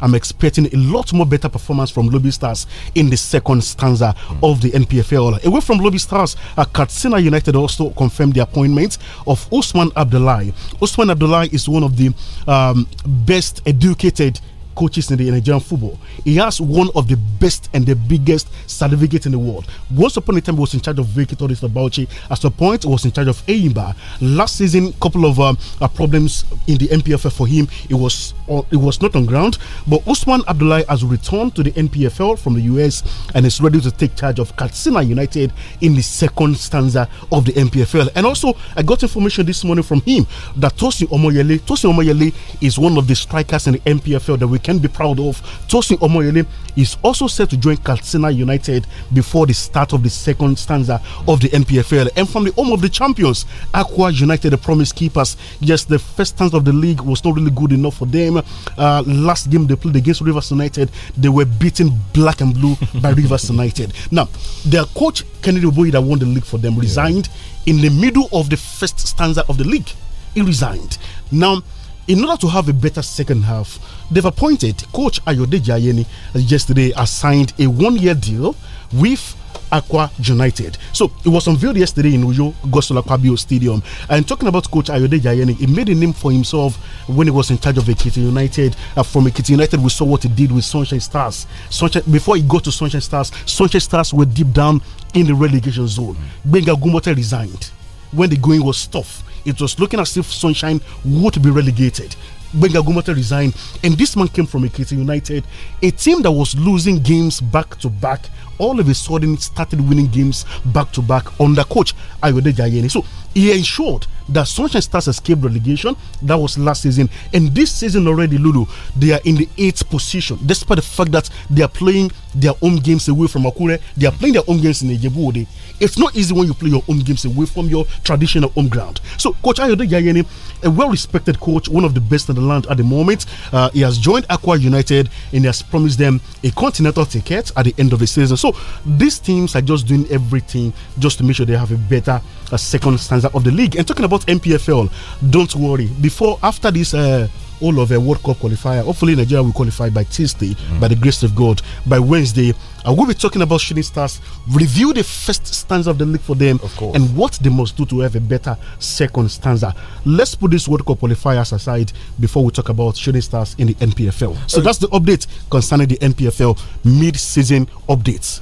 I'm expecting a lot more better performance from Lobby Stars in the second stanza mm. of the NPFL. Away from Lobby Stars, uh, Katsina United also confirmed the appointment of Osman Abdullahi. Osman Abdullahi is one of the um, best educated coaches in the Nigerian football. He has one of the best and the biggest certificates in the world. Once upon a time, he was in charge of Vicky Torres At some point, he was in charge of Aimba. Last season, couple of um, uh, problems in the NPFL for him. It was uh, it was not on ground. But Usman Abdullah has returned to the NPFL from the US and is ready to take charge of Katsina United in the second stanza of the NPFL. And also, I got information this morning from him that Tosi Omoyele, Tosi Omoyele is one of the strikers in the NPFL that we can be proud of. Tosin Omoyele is also set to join Katsina United before the start of the second stanza of the NPFL. And from the home of the champions, Aqua United, the promise keepers. Yes, the first stanza of the league was not really good enough for them. Uh, last game they played against Rivers United, they were beaten black and blue [laughs] by Rivers United. Now, their coach, Kennedy Oboy, that won the league for them, resigned yeah. in the middle of the first stanza of the league. He resigned. Now, in order to have a better second half, they've appointed coach Ayodeji Ayeni yesterday, assigned a one year deal with Aqua United. So it was unveiled yesterday in Uyo Gosola Kwabio Stadium. And talking about coach Ayode Jayeni, he made a name for himself when he was in charge of Ekiti United. Uh, from Ekiti United, we saw what he did with Sunshine Stars. Sunshine, before he got to Sunshine Stars, Sunshine Stars were deep down in the relegation zone. Mm. Benga Gumote resigned when the going was tough it was looking as if Sunshine would be relegated. Benga Gumata resigned, and this man came from Ekiti United, a team that was losing games back to back. All of a sudden, started winning games back to back under coach Ayode Jayeni. So he ensured that Sunshine Stars escaped relegation. That was last season. And this season already, Lulu, they are in the eighth position, despite the fact that they are playing their home games away from Akure. They are playing their home games in Ejebu Ode. It's not easy when you play your home games away from your traditional home ground. So, Coach Ayode Yayene, a well respected coach, one of the best in the land at the moment, uh, he has joined Aqua United and he has promised them a continental ticket at the end of the season. So, these teams are just doing everything just to make sure they have a better a second stanza of the league. And talking about MPFL, don't worry. Before, after this. Uh, all of a World Cup qualifier. Hopefully, Nigeria will qualify by Tuesday, mm. by the grace of God. By Wednesday, I uh, will be talking about shooting stars, review the first stanza of the league for them, and what they must do to have a better second stanza. Let's put this World Cup qualifiers aside before we talk about shooting stars in the NPFL. So uh, that's the update concerning the NPFL mid season updates.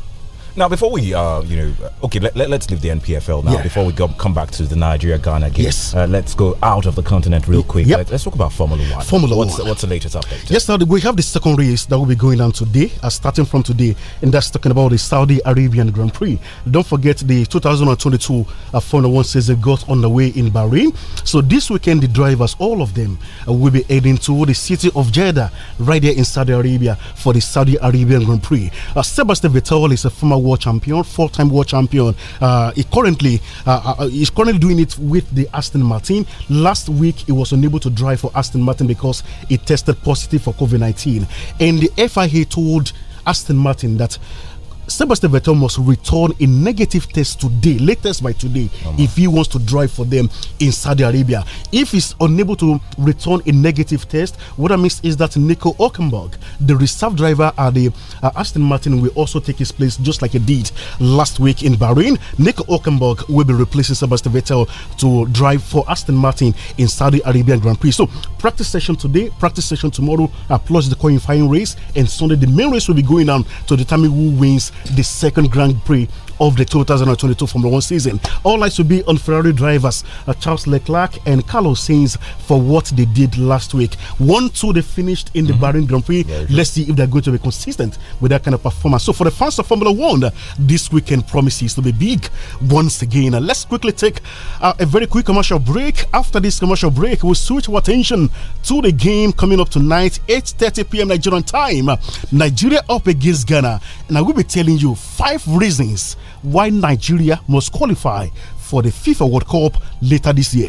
Now, before we, uh, you know, okay, let, let, us leave the NPFL now. Yeah. Before we go, come back to the Nigeria Ghana game, yes. Uh, let's go out of the continent real quick. Yep. Let, us talk about Formula One. Formula what's, One. The, what's the latest update? Yes, now we have the second race that will be going on today, uh, starting from today, and that's talking about the Saudi Arabian Grand Prix. Don't forget the 2022 uh, Formula One season got underway in Bahrain. So this weekend, the drivers, all of them, uh, will be heading to the city of Jeddah, right there in Saudi Arabia, for the Saudi Arabian Grand Prix. Uh, Sebastian Vettel is a former world champion, four-time world champion. Uh, he currently uh, uh, he's currently doing it with the Aston Martin. Last week, he was unable to drive for Aston Martin because he tested positive for COVID-19, and the FIA told Aston Martin that Sebastian Vettel must return a negative test today, latest by today, oh if he wants to drive for them in Saudi Arabia. If he's unable to return a negative test, what I means is that Nico Ockenberg, the reserve driver at the uh, Aston Martin, will also take his place just like he did last week in Bahrain. Nico Ockenberg will be replacing Sebastian Vettel to drive for Aston Martin in Saudi Arabian Grand Prix. So, practice session today, practice session tomorrow, uh, plus the qualifying race, and Sunday the main race will be going on to determine who wins the second Grand Prix of the 2022 Formula One season. All eyes will be on Ferrari drivers uh, Charles Leclerc and Carlos Sainz for what they did last week. 1 2 they finished in mm -hmm. the mm-hmm. Bahrain Grand Prix. Let's see if they're going to be consistent with that kind of performance. So, for the fans of Formula One, uh, this weekend promises to be big once again. Uh, let's quickly take uh, a very quick commercial break. After this commercial break, we'll switch our attention to the game coming up tonight, 8:30 p.m. Nigerian time. Nigeria up against Ghana, and I will be telling you five reasons why Nigeria must qualify for the FIFA World Cup later this year.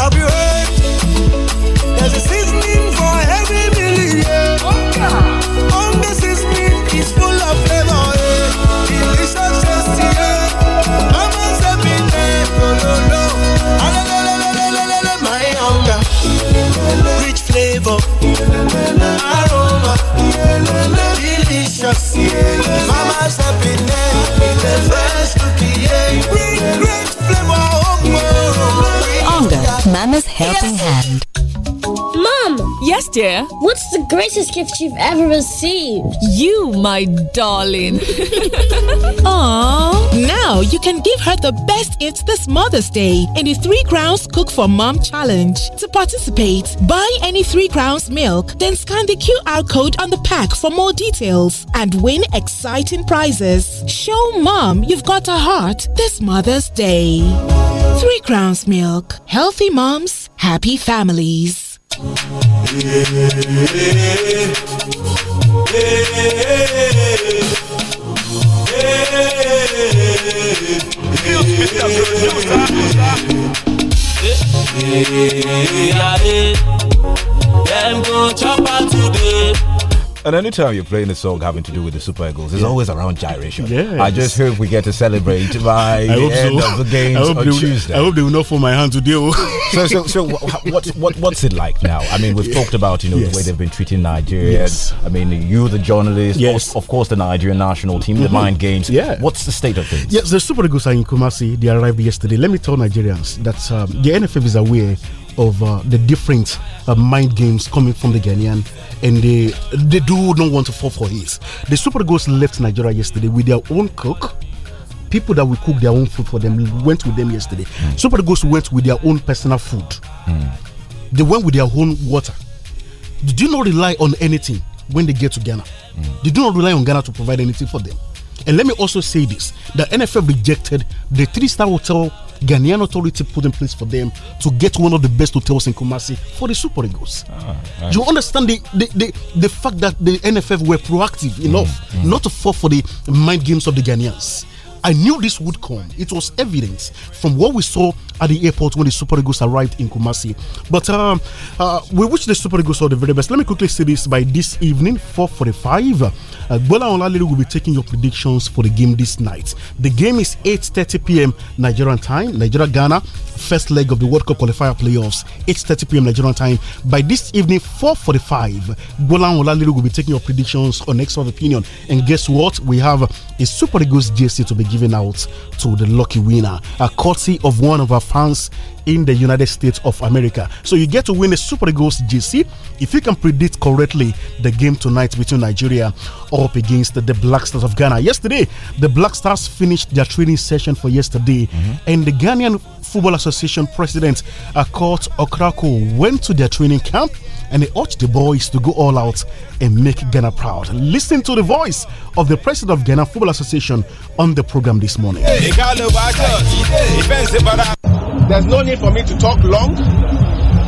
There's a seasoning for every meal. Yeah. Oh, seasoning is full of flavor. Eh? Delicious, Yeah. I'm eh? my hunger. Rich flavor, aroma, delicious. Yeah. Mama's helping hand. Mom! Yes, dear? What's the greatest gift you've ever received? You, my darling. [laughs] Aww. Now you can give her the best gift this Mother's Day in the Three Crowns Cook for Mom Challenge. To participate, buy any Three Crowns milk, then scan the QR code on the pack for more details and win exciting prizes. Show Mom you've got a heart this Mother's Day. Three Crowns Milk. Healthy moms, happy families. hey, hey, hey, hey, and anytime you're playing a song having to do with the Super Eagles, it's yeah. always around gyration. Yes. I just hope we get to celebrate by [laughs] the end so. of the games on will, Tuesday. I hope they will not for my hand to oh. [laughs] so, so, so what, what, what's it like now? I mean, we've yeah. talked about you know yes. the way they've been treating Nigerians. Yes. I mean, you, the journalist, yes. of course, the Nigerian national team, mm -hmm. the mm-hmm. mind games. Yeah. What's the state of things? Yes, the Super Eagles are in Kumasi. They arrived yesterday. Let me tell Nigerians that um, the NFF is aware of uh, the different uh, mind games coming from the Ghanaian, and they they do not want to fall for it. The Super ghosts left Nigeria yesterday with their own cook. People that will cook their own food for them went with them yesterday. Mm. Super ghosts went with their own personal food. Mm. They went with their own water. They do not rely on anything when they get to Ghana. Mm. They do not rely on Ghana to provide anything for them. And let me also say this the NFL rejected the three star hotel Ghanaian authority put in place for them to get one of the best hotels in Kumasi for the Super Eagles. Ah, nice. You understand the, the, the, the, fact that the NFL were proactive mm, enough mm, mm. not to fall for the mind games of the Ghanaians. I knew this would come. It was evident from what we saw at the airport when the Super Eagles arrived in Kumasi. But um, uh, we wish the Super Eagles all the very best. Let me quickly say this by this evening, 4:45, uh, Bola will be taking your predictions for the game this night. The game is 8:30 p.m. Nigerian time. Nigeria Ghana first leg of the World Cup qualifier playoffs 8:30 p.m. Nigerian time. By this evening 4:45, Bola Onlalere will be taking your predictions on Expert Opinion. And guess what? We have a Super Eagles jersey to be given out to the lucky winner, a courtesy of one of our fans in the United States of America. So you get to win a Super Eagles GC if you can predict correctly the game tonight between Nigeria up against the Black Stars of Ghana. Yesterday, the Black Stars finished their training session for yesterday, mm -hmm. and the Ghanaian Football Association president Akot Okrako went to their training camp and he urged the boys to go all out and make Ghana proud. Listen to the voice of the president of Ghana Football Association on the program this morning. There's no need for me to talk long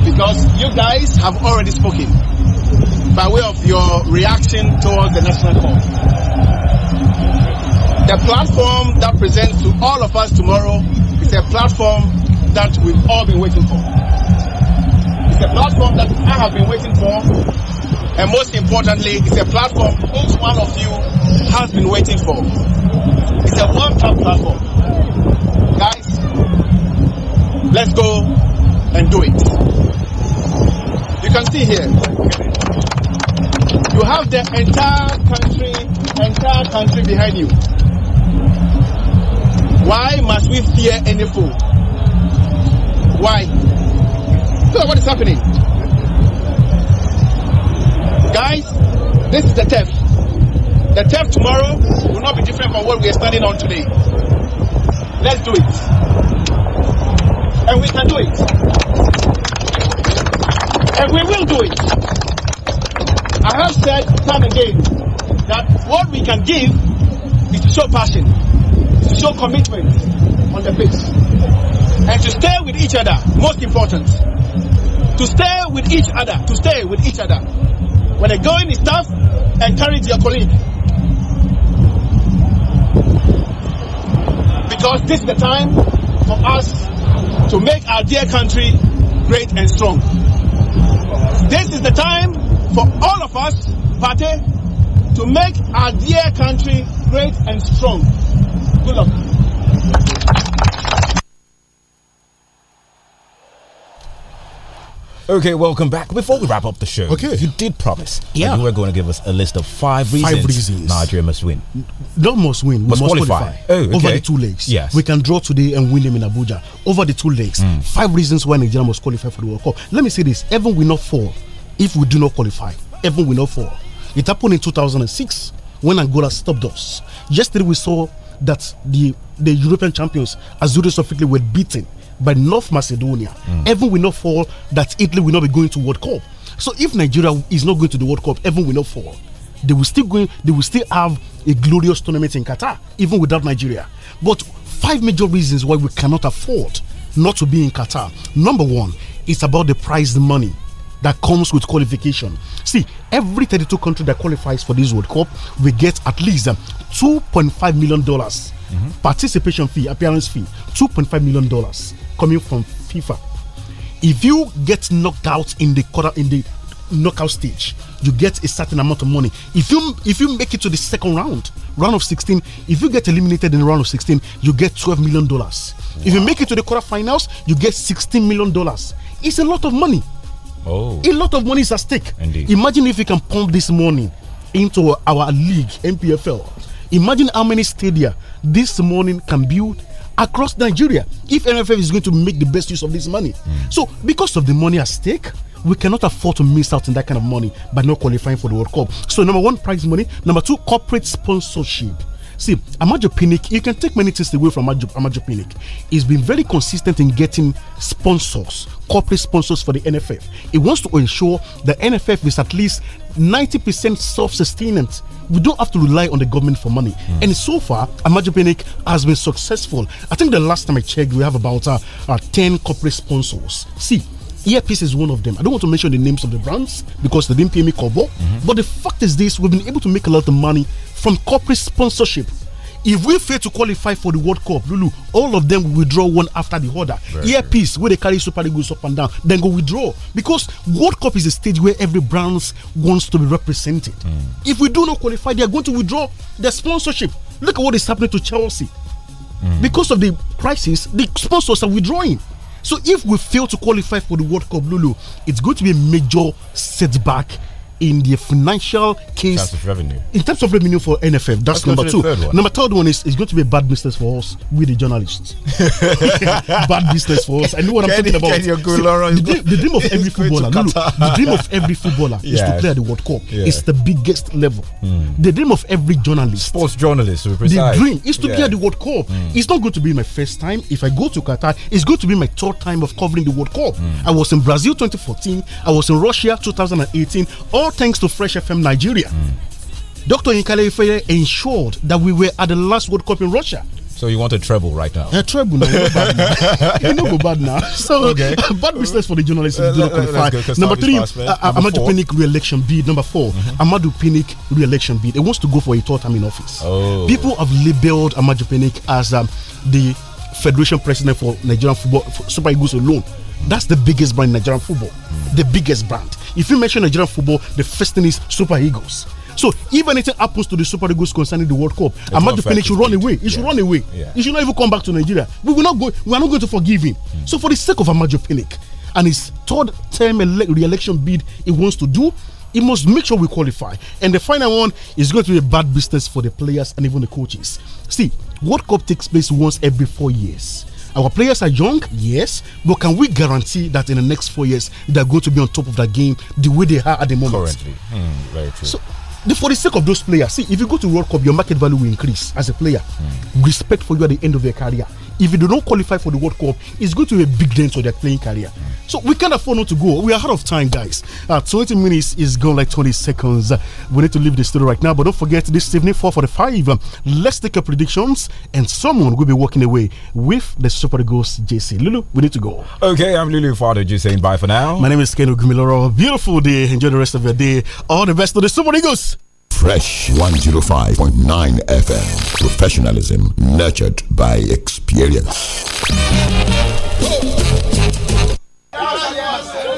because you guys have already spoken by way of your reaction towards the national call. The platform that presents to all of us tomorrow is a platform that we've all been waiting for. It's a platform that I have been waiting for, and most importantly, it's a platform each one of you has been waiting for. It's a one-time platform. Guys, Let's go and do it. You can see here. You have the entire country, entire country behind you. Why must we fear any fool? Why? Look at what is happening. Guys, this is the turf. The turf tomorrow will not be different from what we are standing on today. Let's do it and we can do it. And we will do it. I have said time again that what we can give is to show passion, to show commitment on the pitch, and to stay with each other, most important. To stay with each other, to stay with each other. When the going is tough, encourage your colleague. Because this is the time for us to make our dear country great and strong. This is the time for all of us, Pate, to make our dear country great and strong. Good luck. Okay, welcome back. Before we wrap up the show, okay, you did promise yeah. you were going to give us a list of five reasons, five reasons. Nigeria must win. Not must win, we must, must qualify. qualify. Oh, okay. Over the two legs. Yes. We can draw today and win them in Abuja. Over the two legs. Mm. Five reasons why Nigeria must qualify for the World Cup. Let me say this even will not fall if we do not qualify. even will not fall. It happened in 2006 when Angola stopped us. Yesterday we saw that the, the European champions, Azure Sofitli, were beaten by North Macedonia. Mm. Heaven will not fall that Italy will not be going to World Cup. So if Nigeria is not going to the World Cup, even will not fall. They will still going. They will still have a glorious tournament in Qatar, even without Nigeria. But five major reasons why we cannot afford not to be in Qatar. Number one, it's about the prize money that comes with qualification. See, every 32 country that qualifies for this World Cup will get at least uh, $2.5 million -hmm. Participation fee, appearance fee, $2.5 million coming from FIFA. If you get knocked out in the quarter, in the knockout stage, you get a certain amount of money. If you if you make it to the second round, round of 16, if you get eliminated in the round of 16, you get 12 million dollars. Wow. If you make it to the quarterfinals, you get 16 million dollars. It's a lot of money. Oh, a lot of money is at stake. Indeed. Imagine if we can pump this money into our league, MPFL Imagine how many stadia this morning can build across Nigeria if NFF is going to make the best use of this money. Mm. So, because of the money at stake, we cannot afford to miss out on that kind of money by not qualifying for the World Cup. So, number one, prize money. Number two, corporate sponsorship See, Amaju Pinnick, you can take many things away from Amaju Pinnick. He's been very consistent in getting sponsors, corporate sponsors for the NFF. He wants to ensure the NFF is at least 90% self sustaining We don't have to rely on the government for money. Mm. And so far, Amaju Pinnick has been successful. I think the last time I checked, we have about uh, uh, 10 corporate sponsors. See, Earpiece is one of them. I don't want to mention the names of the brands because they didn't pay me kobo. Mm -hmm. But the fact is this: we've been able to make a lot of money from corporate sponsorship. If we fail to qualify for the World Cup, Lulu, all of them will withdraw one after the other. Earpiece, where they carry Super goes up and down, then go withdraw. Because World Cup is a stage where every brand wants to be represented. Mm. If we do not qualify, they are going to withdraw their sponsorship. Look at what is happening to Chelsea. Mm. Because of the crisis, the sponsors are withdrawing. So if we fail to qualify for the World Cup, Lulu, it's going to be a major setback in the financial case. In terms of revenue. In terms of revenue for NFF. That's number two. Number third one is it's going to be bad business for us, with the journalists. [laughs] bad business for us. I know what Kenny, I'm talking about. Kenny, See, the, dream, [laughs] the, dream, of every footballer, the dream of every footballer yes. is to play at the World Cup. It's the biggest level. Mm. The dream of every journalist. Sports journalist, to The dream is to yeah. play at the World Cup. Mm. It's not going to be my first time. If I go to Qatar, it's going to be my third time of covering the World Cup. Mm. I was in Brazil 2014. I was in Russia 2018. All thanks to Fresh FM Nigeria. Dr. Dr. Nkale ensured that we were at the last World Cup in Russia. So you want a treble right now? A treble, no, [laughs] you know, go bad now. [laughs] So okay. [laughs] bad business for the journalists uh, qualify. Uh, number three, uh, uh Amadou Pinnick re-election bid. Number four, mm -hmm. Amadou Pinnick re-election bid. He wants to go for a third time in office. Oh. People have labelled Amadou Pinnick as um, the federation president for Nigerian football, for Super Eagles alone. That's the biggest brand in Nigerian football. The biggest brand. If you mention Nigerian football, the first thing is Super Eagles. So if anything happens to the Super Eagles concerning the World Cup, Ahmad Dupin should run away. He should run away. He should not even come back to Nigeria. We will not go. We are not going to forgive him. Mm. So for the sake of Amadou Dupinic and his third term re-election bid, he wants to do. He must make sure we qualify. And the final one is going to be a bad business for the players and even the coaches. See, World Cup takes place once every four years. Our players are young, yes, but can we guarantee that in the next four years they're going to be on top of that game the way they are at the moment? Currently, mm, very true. So, the, for the sake of those players, see, if you go to World Cup, your market value will increase as a player. Mm. Respect for you at the end of your career if they don't qualify for the World Cup, it's going to be a big dent to their playing career. So we can't afford not to go. We are out of time, guys. Uh, 20 minutes is gone like 20 seconds. Uh, we need to leave the studio right now. But don't forget, this evening, 445, um, let's take our predictions, and someone will be walking away with the Super Eagles JC. Lulu, we need to go. Okay, I'm Lulu Father JC. saying bye for now. My name is Ken Ogumiloro. Beautiful day. Enjoy the rest of your day. All the best to the Super Eagles. Fresh 105.9 FM. Professionalism nurtured by experience.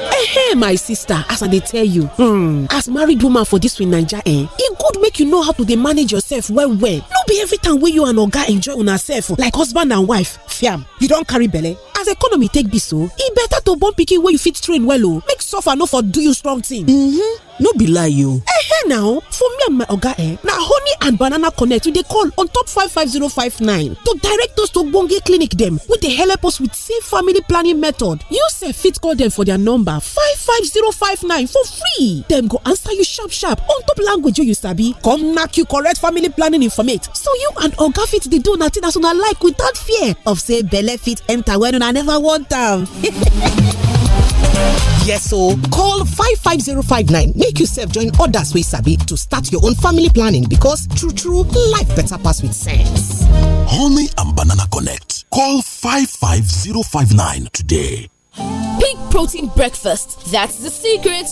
Hey, my sister as i dey tell you hmm as married woman for this dis naija eh it e good make you know how to dey manage yourself well well no be every time wey you and oga enjoy on herself like husband and wife fiam you don't carry belly as economy take be so e better to born pikin wey you fit train well o make suffer no for do you strong thing. Mm-hmm. no be lie o. ehe now. for me and my oga eh na honey and banana connect we dey call on top five five zero five nine to direct us to ogbonge clinic dem wey dey help us with safe family planning method you sef fit call dem for their number five five zero five nine for free dem go answer you sharp sharp on top language wey you sabi come knack you correct family planning informate so you and oga fit dey do una thing as una like without fear of say belle fit enter when una never want am. [laughs] yes so call 55059 make yourself join others wey sabi to start your own family planning because true true life better pass with sense. honey and banana connect call 55059 today. pig protein breakfast that's the secret.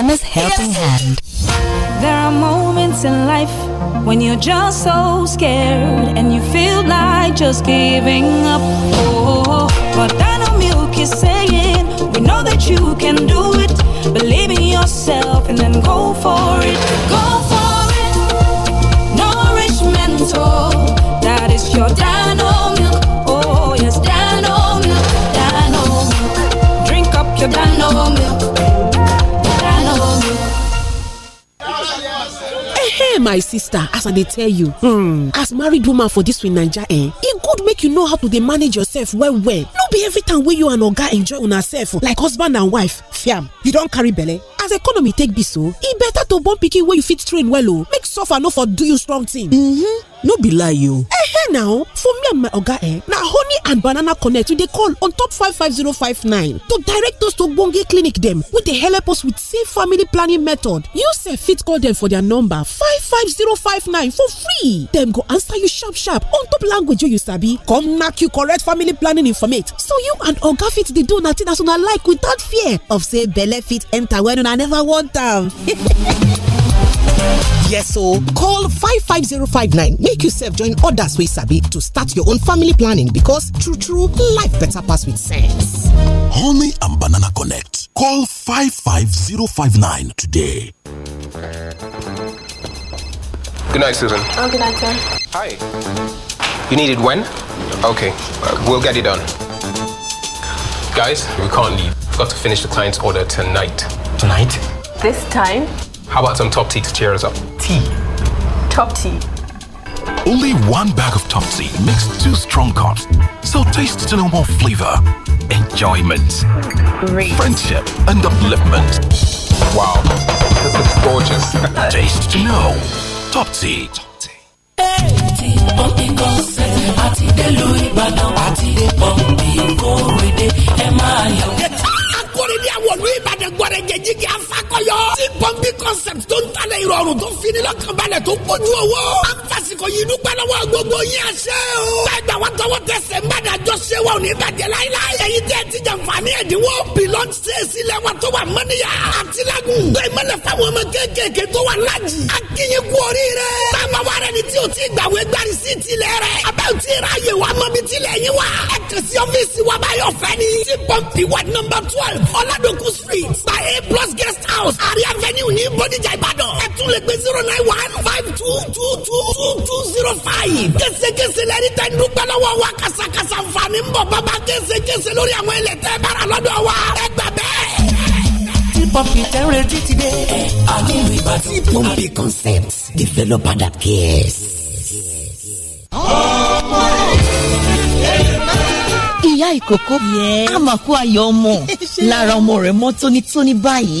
Mama's Helping Hand. There are moments in life when you're just so scared and you feel like just giving up. Oh, but Dino Milk is saying, We know that you can do it. Believe in yourself and then go for it. my my sister as i dey tell you hmm as married woman for this we naija eh it e good make you know how to manage yourself well well no be every time where you and oga enjoy on herself like husband and wife fiam you don't carry belly. as economy take be so it e better to born pikin where you fit train well oh, make suffer no for do you strong thing. Mm -hmm no be lie o ehn eh, now for me and my oga eh na honey and banana connect we dey call on top five five five zero nine to direct us to ogbonge clinic dem wey dey help us with safe family planning method you sef fit call dem for their number five five five zero nine for free dem go answer you sharp sharp on top language wey you sabi come knack you correct family planning informate so you and oga fit dey do una thing as una like without fear of say belle fit enter when una never want am [laughs] Yes, so call 55059 make yourself join others with sabi to start your own family planning because true true life better pass with sense. Honey and Banana Connect call 55059 today. Good night, Susan. Oh, good night, sir. Hi. You needed when? Okay, uh, we'll get it done. Guys, we can't leave. We've got to finish the client's order tonight. Tonight? This time? How about some top tea to cheer us up? Tea. Top tea. Only one bag of top tea makes two strong cups. So taste to know more flavor, enjoyment, Great. friendship, and upliftment. Wow, this is gorgeous. [laughs] taste to know. Top tea. ti pọ́ǹpì àti délùú ìbàdàn àti pọ́ǹpì ẹ máa yọ̀. wọ̀lú ìbàdàn gbọ̀rẹ̀jẹ̀ jíjí afakọyọ. tí pọ́ńpì concept tó ń talẹ̀ ìrọ̀rùn tó fini lọ́kànbalẹ̀ tó kojú owó. a ń fasikọ yìí dúpẹ́ lọ́wọ́ gbogbo yín àṣẹ o. gbàgbà wàtọ́wọ́ tẹsẹ̀ ń bàdàjọ́ ṣe wà ò ní bàjẹ́ láíláí ẹ̀yin tẹ́ ti jàǹfààní ẹ̀dínwó pilọ́t ṣèṣì lẹ́wà tó wà mọ́níyà àtìlágùn tó ìmọ̀lẹ̀ fáwọn ọmọ kéékèèké tó wà lájì akínyìn kú oríire bàbá wa rẹ̀ ni tí o ti gbàwé gbárí sí tilẹ̀ rẹ̀ abẹ́ ò ti ra yẹ̀ wá mọ́bi tilẹ̀ yín wa ẹ kàn sí ọ́fíìsì wa báyọ̀ fẹ́ ni ti pọ́ǹpì wa nọmba twelve ọ̀làdọ̀kù street by a plus guest house àrí avenue ní bọ́díjà ìbàdàn ẹ tún lè gbé zero nine one five two two two two two zero five kẹsẹkẹsẹ lẹ́ni lórí àwọn ilẹ̀ tẹ́ bára lọ́dọ̀ wa. ẹ gbà bẹ́ẹ̀. tí pọ́ǹpì tẹ́ ń retí ti dé. àní ìlú ìbàdàn tí pọ́ǹpì concept developer that cares. ọmọ ìlú ìyá ìkókó àmàkù ayọ̀ ọmọ [laughs] lára ọmọ rẹ̀ mọ́ tónítóní báyìí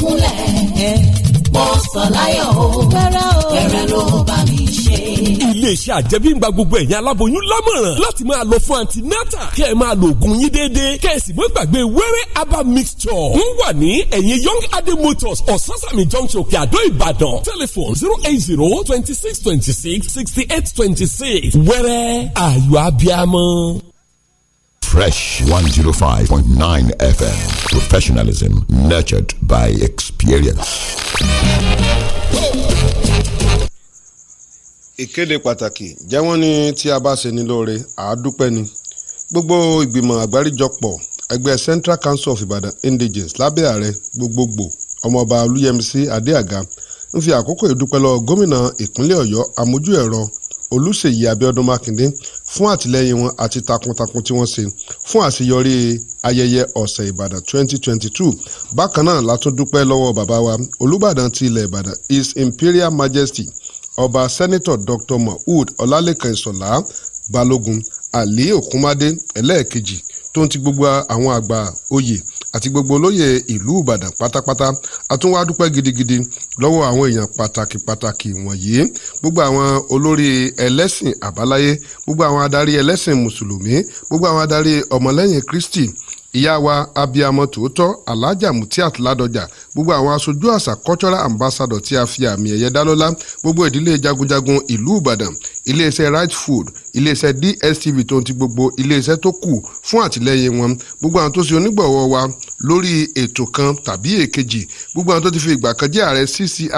kúnlẹ̀ mo sọ láyọ̀ o ẹrẹ ló bá mi ṣe. iléeṣẹ́ àjẹmíngba gbogbo ẹ̀yin aláboyún lámọ̀ràn láti máa lọ fún antinata kẹ́ ẹ máa lo oògùn yín déédéé kẹ́ ẹ sì mọ́ gbàgbé wẹ́rẹ́ herbal mixture ń wà ní ẹ̀yìn young adé motors ososani junction kíadó ìbàdàn telephone zero eight zero twenty six twenty six sixty eight twenty six wẹ́rẹ́ ayọ̀ abiamọ. Fresh 105.9 FM. Professionalism nurtured by experience. Ìkéde pàtàkì jẹ́ wọ́n ní tí a bá ṣe ní lóore àádúpẹ́ ni gbogbo ìgbìmọ̀ àgbáríjọpọ̀ ẹgbẹ́ Central Council of Ibadan Indigenes lábẹ́ ààrẹ gbogbogbò ọmọọba Olúyẹmísí Adéàga ń fi àkókò ìdúpẹ́ lọ gómìnà ìpínlẹ̀ Ọ̀yọ́ amójú ẹ̀rọ olùṣèyí abiodun makinde fún àtìlẹyìn wọn àti takuntakun tí wọ́n ṣe fún àṣeyọrí ayẹyẹ ọ̀sẹ̀ ìbàdàn 2022 bákan náà la tún dúpẹ́ lọ́wọ́ bàbá wa olùbàdàn ti ilẹ̀ ìbàdàn his imperial majesty ọba sẹ́nitọ̀ dr mahood ọlálẹ́kan ìṣọ̀lá balógun ali okunmade ẹlẹ́ẹ̀kejì tó ń ti gbogbo àwọn àgbà oyè àti gbogbo olóyè ìlú ìbàdàn pátápátá a tún wá dúpẹ́ gidigidi lọ́wọ́ àwọn èèyàn pàtàkì pàtàkì wọ̀nyí gbogbo àwọn olórí ẹlẹ́sìn àbáláyé gbogbo àwọn adarí ẹlẹ́sìn mùsùlùmí gbogbo àwọn adarí ọmọlẹ́yìn kristi ìyá wa abiyamọ tòótọ́ alhaja mutiat ládọjà gbogbo àwọn aṣojú àṣà cultural ambassador tí a fi àmì ẹ̀yẹ dálọ́lá gbogbo ìdílé jagunjagun ìlú ìbàdàn iléeṣẹ́ right food iléeṣẹ́ dstv tó ń ti gbogbo iléeṣẹ́ tó kù fún àtìlẹ́yìn wọn gbogbo àwọn tó ṣe onígbọ̀wọ́ wa lórí ètò kan tàbí èkejì gbogbo àwọn tó ti fi ìgbà kan jẹ́ ààrẹ ccii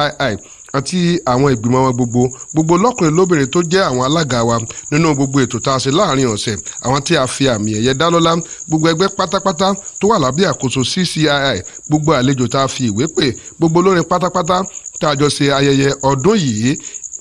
àti àwọn ìgbìmọ̀ wọn gbogbo gbogbo lọ́kùnrin lóbìnrin tó jẹ́ àwọn alága wa nínú gbogbo ètò tá a ṣe láàrin ọ̀sẹ̀ àwọn tí a fi àmì ẹ̀yẹ dá lọ́lá gbogbo ẹgbẹ́ pátápátá tó wà lábẹ́ àkóso CCII gbogbo àlejò tá a fi ìwé pè gbogbo olórin pátápátá tá a jọ ṣe ayẹyẹ ọdún yìí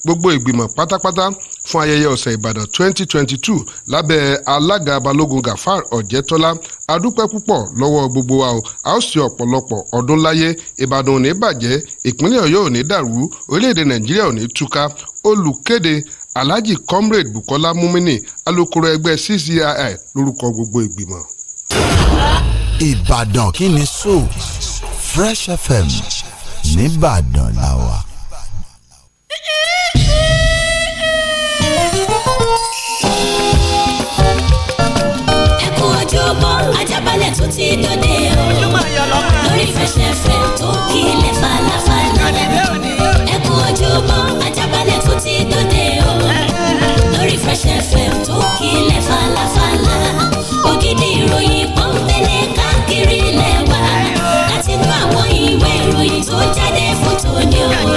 gbogbo ìgbìmọ̀ pátápátá fún ayẹyẹ ọ̀sẹ̀ ìbàdàn 2022 lábẹ́ alága balógun gafar ọ̀jẹ̀tọ́lá adúpẹ́ púpọ̀ lọ́wọ́ gbogbo wa o a ó sì ọ̀pọ̀lọpọ̀ ọdún láyé ìbàdàn ò ní bàjẹ́ ìpínlẹ̀ ọ̀yọ́ ò ní dàrú orílẹ̀-èdè nàìjíríà ò ní túká olùkéde alhaji comrade bukola mumini alukoro ẹgbẹ́ ccii lórúkọ gbogbo ìgbìmọ̀. ìbàdàn kí ni so fresh fm nìbàdàn làwà. ojúbọ ajábalẹ̀ tó ti dòde o lórí fẹsẹ̀fẹ̀ tó kílẹ̀ falafala ẹ kú ojúbọ ajábalẹ̀ tó ti dòde o lórí fẹsẹ̀fẹ̀ tó kílẹ̀ falafala ògidì ìròyìn pọ́npẹ́lẹ́ káàkiri lẹ́wà láti nú àwọn ìwé ìròyìn tó jáde fún tòní o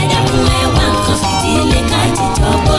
ẹ dẹ́kun nǹkan fìdílé ká jíjọ gbọ́.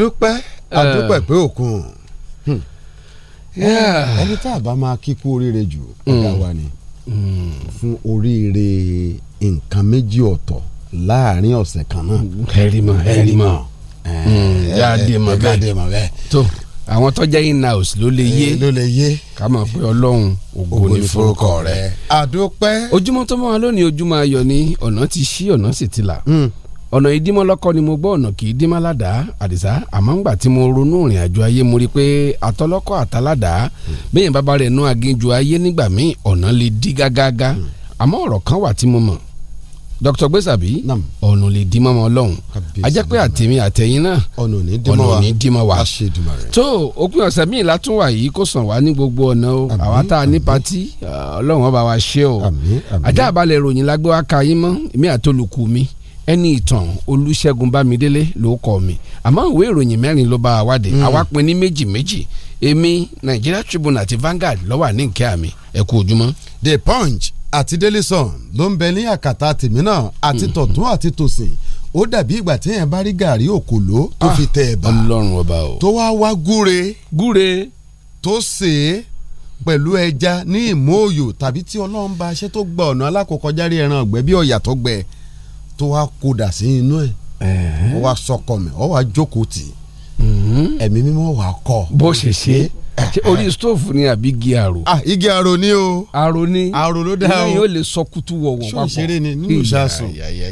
àdúpẹ́ àdúpẹ́ eh. pé òkun hmm. ẹni tá a bá máa kíkú oríire jù hmm. ọ̀gá wa ni hmm. fún oríire nǹkan méjì ọ̀tọ̀ láàrin ọ̀sẹ̀ kan náà. ẹ̀rí mọ̀ ẹ̀rí mọ̀ eh, jáde mọ̀ bẹ́ẹ̀ jáde mọ̀ bẹ́ẹ̀. tó àwọn tó jẹ́ in-house ló lè yé eh, ló lè yé ká mọ̀ pé ọlọ́run ògo ni forúkọ rẹ̀. àdúpẹ́. ojúmọ́ tó mọ́ wa lónìí ojúmọ́ ayọ̀ ni ọ̀nà ti ṣí ọ̀nà sì ti là ọ̀nà ìdímọ́ lọ́kọ́ ni mo gbọ́ ọ̀nà kì í dímọ́ ládàá àdìsá àmọ́ ńgbà tí mo ronú ìrìn àjò ayé mo rí i pé àtọlọ́kọ̀ àtàládàá bẹ́yìn bàbá rẹ̀ nú aginjù ayé nígbà míì ọ̀nà lè dí gágágá àmọ́ ọ̀rọ̀ kan wà tí mo mọ̀ Dr. Gbèsàbí ọ̀nà lè dímọ́ mọ́ ọlọ́run ajẹ́ pé àtẹ̀mí àtẹ̀yìn náà ọ̀nà ò ní dímọ́ wa tó òpin ọ̀sẹ̀ míì látún wà yìí kó sàn wá ní gbogbo ọ̀nà o àwa tá ẹni ìtàn olùṣègùn bámidélé ló kọ mi àmọ́ ìwé ìròyìn mẹ́rin ló bá wa dé hmm. àwa ní méjì méjì èmi nigeria tribune àti vanguard ló wà ní ìkẹ́ àmì ẹ kú the punch àti daily sun ló ń bẹ ní àkàtà tèmi náà àti hmm. tọ̀tún àti tòsì ó dàbí ìgbà tí èèyàn bá rí gàrí òkòló tó ah, fi tẹ ẹ̀bà ọlọ́run ọba o tó wá wá gúre gúre tó sè é pẹ̀lú ẹja ní ìmóòyò tàbí tí ọlọ́run bá aṣẹ́ tó gba ọ̀nà alákọ̀ọ́kọjá rí ẹran ọ̀gbẹ́ bí ọ̀yà tó gbẹ tó wá kodà sí inú ẹ̀ ó wá sọkọ mi ó wá jókòó tì mm-hmm. ẹ̀mí mímọ́ wà kọ́ bó ṣe ṣe ṣe orí eh, eh. stóòfù ni àbí igi àrò. ah igi àrò ni o. àrò ni àrò ló dáa o ìyá yóò lè sọ kútu wọ̀wọ̀ papọ̀. ṣòṣèré ni nínú ìṣàsùn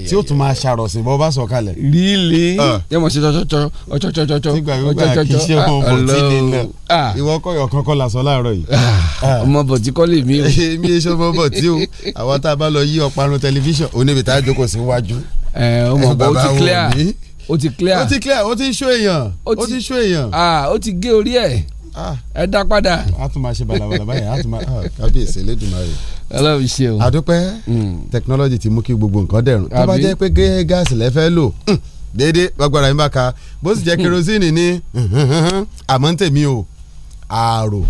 tí ó tún máa ṣàròsìn bọ́ bá sọ kalẹ̀. ríle yẹ ah. mo ṣe tọ́tọ́tọ́ ọ̀tọ́tọ́tọ́ ọ̀tọ́tọ́tọ́ kì í ṣe ọmọ ah, bọ̀tí ni náà ah. ìwọ kọyọ kankan la sọ láàárọ̀ yìí. ọmọ bọ̀tí kọ́ lè mí o. [laughs] èmi ẹ ṣe ọmọ o àwọn tá a bá lọ yí ọparun tẹlifíṣàn oníbìtá eh, ti clear ó ti clear ó ti clear èèyàn ó ti ń èèyàn. ó ti gé orí ẹ̀. Ah. ẹ dá padà. a tún máa ṣe balabala báyìí a tún máa ah, kábíyèsí elédùnmáyè. ọlọ́run ṣe o. àdúpẹ́ hmm. technology ti mú kí gbogbo nǹkan dẹ̀rùn tó bá jẹ́ pé gáàsì lẹ fẹ́ lò hmm, déédéé gbàgbọ́ra yín bá ka bó sì jẹ́ hmm. kerosene ní [laughs] àmọ́ ń tèmi o ààrò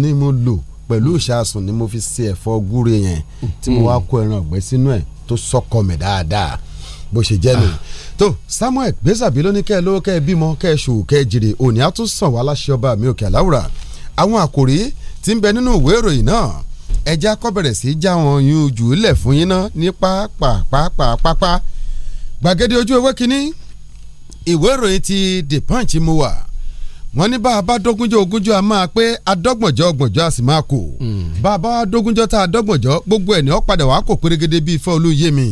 ni mo lò pẹ̀lú ìṣàsùn ni mo fi ṣe ẹ̀fọ́ gúre yẹn tí mo wá kó ẹran ọ̀gbẹ́ sínú ẹ̀ tó sọ́kọ mi dáadáa bó ṣe jẹ́ nìyí tó Samuel gbèsàbí ló ní kẹ́ ẹ lówó kẹ́ ẹ bímọ kẹ́ ẹ ṣòwò kẹ́ ẹ jèrè òní á tún sàn wá láṣẹ ọba mi òkè àláwùrà àwọn àkòrí tí ń bẹ nínú ìwé ìròyìn náà ẹja kọ́ bẹ̀rẹ̀ sí í já wọn yún ojú lẹ̀ fún yín náà ní pápápápápá gbàgede ojú ewé kínní ìwé ìròyìn ti The Punch mo wà wọ́n ní bá a bá dógúnjọ́ ogúnjọ́ a máa pé adọ́gbọ̀njọ́ ọgbọ̀njọ́ a sì máa kó hmm. bá a bá dógúnjọ́ tá a dọ́gbọ̀njọ́ gbogbo ẹ̀ ní ó padà wàá kó pérégede bíi ifọ̀ olúyẹ̀mí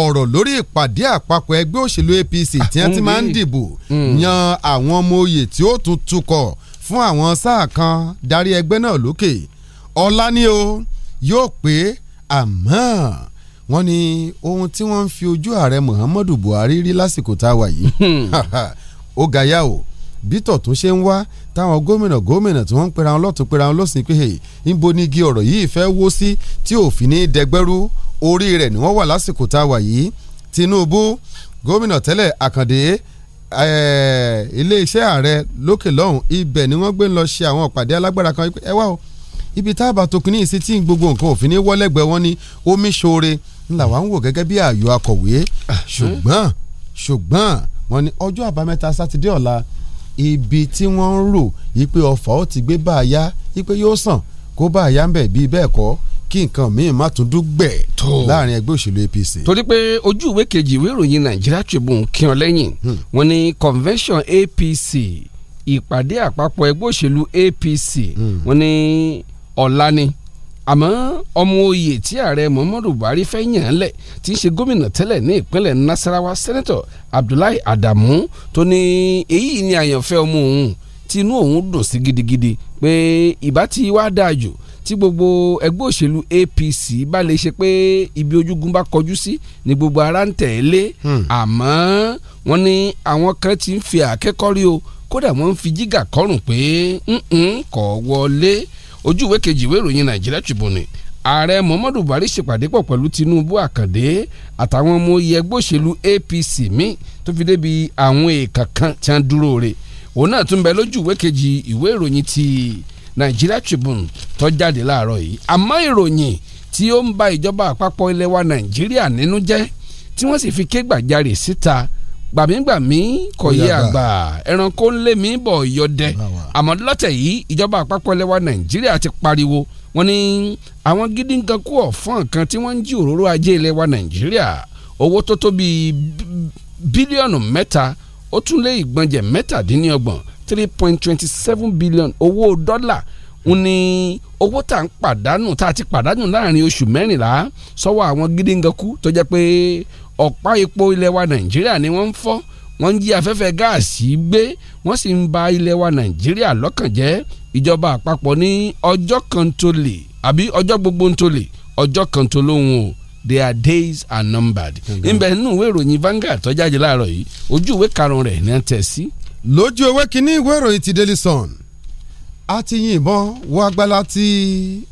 ọ̀rọ̀ lórí ìpàdé àpapọ̀ ẹgbẹ́ òṣèlú APC tí wọ́n ti máa ń dìbò hmm. yan àwọn ọmọ oyè tí ó tún tukọ̀ fún àwọn sáà kan darí ẹgbẹ́ náà lókè ọ̀la ni o yóò pé àmọ́ wọ́n ní ohun tí wọ́n ń fi ojú ààrẹ Muhammadu Buhari rí lásìkò tá a wà yìí hmm. [laughs] ó ga yá o bí tọ̀tún ṣe ń wá táwọn gómìnà gómìnà tí wọ́n ń pera wọn lọ́tún pera wọn lọ́sìn pé níbo ni igi ọ̀rọ̀ yìí fẹ́ wó sí tí òfin ní dẹgbẹ́rú orí rẹ̀ ni wọ́n wà lásìkò tá a wà yìí Tinubu gómìnà tẹ́lẹ̀ Àkàndé iléeṣẹ́ ààrẹ lókè lọ́hùn ibẹ̀ ni wọ́n gbé ń lọ ṣe àwọn ìpàdé alágbára kan ẹ wá o ibi tá a bá tokun ní ìsí tí gbogbo nǹkan òfin ní wọ́lẹ́gbẹ̀ẹ́ wọn ni omi ṣoore ńlá wa ń wò gẹ́gẹ́ bí ààyò akọ̀wé ṣùgbọ́n ṣùgbọ́n wọn ni ọjọ́ àbámẹ́ta sátidé ọ̀la ibi tí wọ́n ń rò yí pé ọ̀fà ó ti gbé bá a yá yí pé yóò sàn kó bá a yá ń bẹ̀ bíi bẹ́ẹ̀ kọ́ kí nǹkan míì má tún dúgbẹ̀ láàrin ẹgbẹ́ òṣèlú APC. torí pé ojú ìwé kejì ìwé ìròyìn Nigeria Tribune kí wọn lẹ́yìn hmm. wọn ni convention APC ìpàdé àpapọ̀ ẹgbẹ́ òṣèlú APC hmm. wọn ni ọ̀la ni àmọ́ ọmọ oyè tí ààrẹ Muhammadu Buhari fẹ́ yàn án lẹ̀ tí í ṣe gómìnà tẹ́lẹ̀ ní ìpínlẹ̀ Nasarawa sẹ́nẹ́tọ̀ Abdullahi Adamu tó ní èyí ni àyànfẹ́ ọmọ òun tí inú òun dùn sí gidigidi pé ìbá ti wá dáa jù tí gbogbo ẹgbẹ́ òṣèlú APC bá lè ṣe pé ibi ojúgun bá kọjú sí ni gbogbo ara ń tẹ̀lé hmm. àmọ́ wọ́n ní àwọn kan ti ń fi àkẹ́kọ̀ọ́ rí o kódà wọ́n ń fi jígà kọ́rùn pé kò wọlé ojú ìwé kejì ìwé ìròyìn Nàìjíríà Tribune ààrẹ Muhammadu Buhari ṣèpàdé pọ̀ pẹ̀lú Tinubu Àkàndé àtàwọn ọmọ oyè ẹgbẹ́ òṣèlú APC mi tó fi débi àwọn èèkàn kan tí wọ́n dúró re òun náà tún bẹ lójú ìwé kejì ìwé ìròyìn ti Nigeria Tribune tó jáde láàárọ̀ yìí àmọ́ ìròyìn tí ó ń ba ìjọba àpapọ̀ ilẹ̀ wa Nàìjíríà nínú jẹ́ tí wọ́n sì fi ké gbàjarè síta gbàmígbàmí kò yé àgbà ẹranko ń mi bọ̀ yọdẹ àmọ́ lọ́tẹ̀ yìí ìjọba àpapọ̀ ilẹ̀ wa Nàìjíríà ti pariwo wọ́n ní àwọn gidi nǹkan kú ọ̀fọ́n kan tí wọ́n ń jí òróró ajé ilẹ̀ wa Nàìjíríà owó tó tó bíi bílíọ̀nù mẹ́ta ó tún lé ìgbọ̀njẹ̀ mẹ́tàdínlọ́gbọ̀n three point twenty seven billion owó dọ́là ń ní owó tá à ń pàdánù tá a ti pàdánù láàrin oṣù mẹ́rìnlá sọ́wọ́ àwọn gídíngankú tó jẹ́ pé ọ̀pá epo ilẹ̀ wa nàìjíríà ni wọ́n ń fọ́ wọ́n ń jí afẹ́fẹ́ gáàsì gbé wọ́n sì ń ba ilẹ̀ wa nàìjíríà lọ́kàn jẹ́ ìjọba àpapọ̀ ní ọjọ́ kan tó lè àbí ọjọ́ gbogbo tó lè ọjọ́ kan tó lóhùn o their days are numbered. nbẹ nínú ìwé ìròyìn Vanguard tó jáde láàárọ̀ yìí ojú ìwé karùn-ún rẹ̀ ní à tẹ̀ sí lójú ewé kínní ìwé ìròyìn ti Daily Sun a ti yìnbọn wọ agbára ti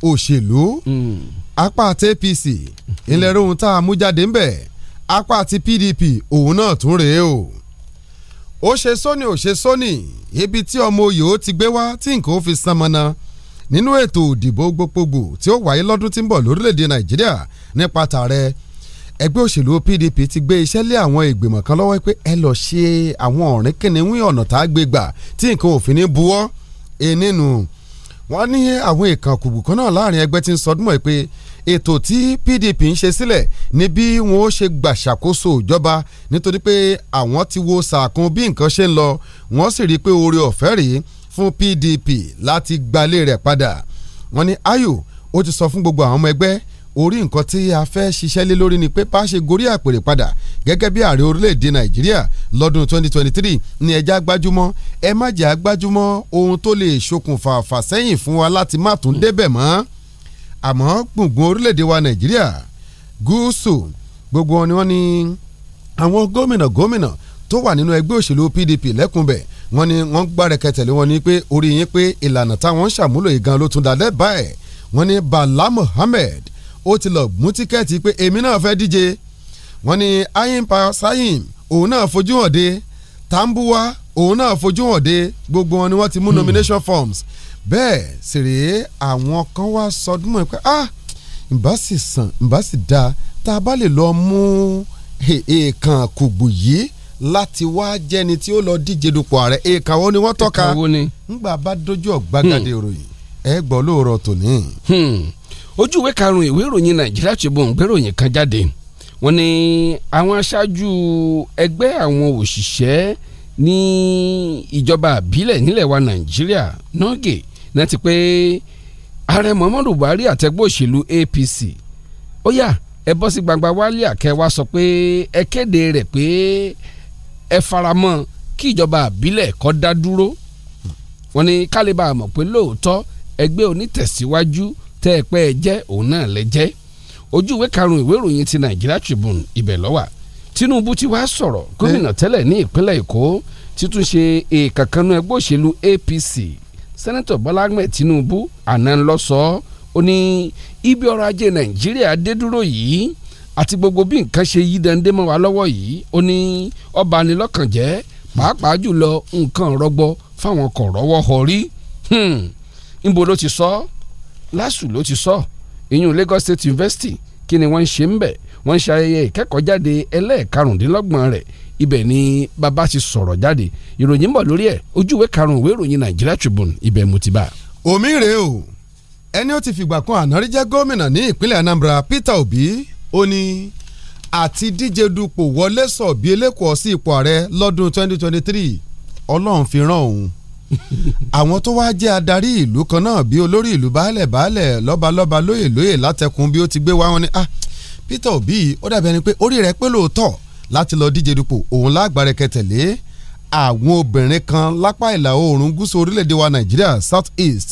òṣèlú hmm. apá àti APC ìlẹ̀ rohun tá a mú jáde ń apá àti PDP òun náà tún rèé o ó ṣe sóni ó ṣe sóni ibi tí ọmọ oyè ó ti gbé wá tí nǹkan ó fi san mọ́nà nínú ètò òdìbò gbogbogbò tí ó wáyé lọ́dún tí ń bọ̀ lórílẹ̀‐èdè Nàìjíríà nípa tààrẹ ẹgbẹ́ òṣèlú PDP ti gbé iṣẹ́ lé àwọn ìgbìmọ̀ kan lọ́wọ́ pé ẹ lọ́ọ́ ṣe àwọn ọ̀rìn kìnìún ọ̀nà tá a gbé gbà tí nǹkan òfin ní buwọ́ ẹnìnú wọ́n ní àwọn ìkàn kùbùkún náà láàrin ẹgbẹ́ tí ń sọdún mọ́ pé ètò tí PDP ń ṣe sílẹ̀ ni bí wọ́n ó ṣe gbà ṣàkóso ìjọba nítorí pé àwọn ti wo sàkún bí nǹkan ṣe ń lọ wọ́n sì rí i pé oore ọ̀fẹ́ rèé fún PDP láti gbalé rẹ̀ padà wọ́n ní Ayu ó ti sọ fún gbogbo àwọn ọmọ ẹgbẹ́ orí nǹkan tí a fẹ́ ṣiṣẹ́ lé lórí ni pé bá a ṣe gorí àpèrè padà gẹ́gẹ́ bí ààrẹ orílẹ̀-èdè nàìjíríà lọ́dún 2023 ni ẹja gbájúmọ́ ẹ má jẹ́ àgbájúmọ́ ohun tó lè ṣokùnfà fàsẹ́yìn fún wa láti má tún débẹ̀ mọ́ àmọ́ gbùngbùn orílẹ̀-èdè wa nàìjíríà gúúsù gbogbo wọn ni wọ́n ní àwọn gómìnà gómìnà tó wà nínú ẹgbẹ́ òṣèlú PDP lẹ́kùnbẹ̀ wọ́n ní wọ́n gbárẹ̀kẹtẹ̀lé wọn ní pé orí yín pé ìlànà táwọn ń ṣàmúlò yìí gan ló tún dá lẹ́bàá ẹ̀ wọ́n Bala Mohammed ó ti lọ mú tíkẹ́ẹ̀tì pé èmi náà fẹ́ díje wọ́n ní ayin pa sayim òun náà fojú hàn dé tambuwa òun náà fojú hàn dé gbogbo wọn ni wọ́n ti mú hmm. nomination forms bẹ́ẹ̀ sì rèé àwọn kan wá sọdún ẹ pé ah ǹbá sì sàn ǹbá sì dáa tá a bá lè lọ mú èèkàn kùgbù yìí láti wá jẹni tí ó lọ díje dupò ààrẹ èèkàn wo ni wọ́n tọ́ka ńgbà bá dojú ọ̀gbagadé hmm. ròyìn ẹ gbọ́ lóòrọ̀ tòní. Hmm ojú ìwé karùn-ún ìwé ìròyìn nàìjíríà Tribune gbé ìròyìn kan jáde wọ́n ní àwọn aṣáájú ẹgbẹ́ àwọn òṣìṣẹ́ ní ìjọba àbílẹ̀ nílẹ̀ wa nàìjíríà nọ́ọ̀gì náà ti pé ààrẹ muhammadu buhari àtẹgbẹ́ òṣèlú apc ó yá ẹ bọ́ sí gbangba wálé àkẹwà sọ pé ẹ kéde rẹ̀ pé ẹ faramọ́ kí ìjọba àbílẹ̀ kó dá dúró wọ́n ní kálíbà mọ̀ pé lóòótọ́ ẹgbẹ́ onítẹ̀síwájú tẹ́ ẹ pẹ́ ẹ jẹ́ òun náà lẹ jẹ́ ojú ìwé karùn-ún ìwé ìròyìn ti Nigeria Tribune ibẹ̀ lọ́wà Tinubu ti wá sọ̀rọ̀ gómìnà tẹ́lẹ̀ ní ìpínlẹ̀ Èkó títún ṣe èèkànkanú ẹgbẹ́ òṣèlú APC sẹ́nẹ́tọ̀ Bọ́lá Ahmed Tinubu àná ń lọ sọ ọ́ ó ní ibi ọrọ̀ ajé Nàìjíríà dé dúró yìí àti gbogbo bí nǹkan ṣe yí dande mọ́ wa lọ́wọ́ yìí ó ní ó bani jẹ́ pàápàá jùlọ nǹkan rọgbọ fáwọn kò rọ́wọ́ họ hmm. níbo ló ti sọ ọ́ LASU ló ti sọ ìyún Lagos State University kí ni wọ́n ń ṣe ń bẹ̀ wọ́n ń ṣe ayẹyẹ ìkẹ́kọ̀ọ́jáde ẹlẹ́ẹ̀karùndínlọ́gbọ̀n rẹ̀ ibẹ̀ ni bàbá ti sọ̀rọ̀ jáde ìròyìn ń bọ̀ lórí ẹ̀ ojú ìwé karùn-ún ìwé ìròyìn Nigeria Tribune ibẹ̀ mo ti bá. omi rèé o ẹni ó ti fìgbà kan ànárí jẹ́ gómìnà ní ìpínlẹ̀ Anambra Peter Obi ó ní àti díje dupò wọlé sọ bí elékòó sí ipò ààrẹ lọ́dún 2023 ọlọ́run fi rán òun àwọn tó wáá jẹ́ adarí ìlú kan náà bí olórí ìlú baálẹ̀ baálẹ̀ lọ́balọ́ba lóyè lóyè látẹkùn bí ó ti gbé wá wọn ni ah Peter Obi ó dàbí ẹni pé orí rẹ̀ pé lóòótọ́ láti lọ díje dupò òun lágbára kẹtẹ̀lé àwọn obìnrin kan lápá ìlà oòrùn gúúsù orílẹ̀-èdè wa Nàìjíríà South East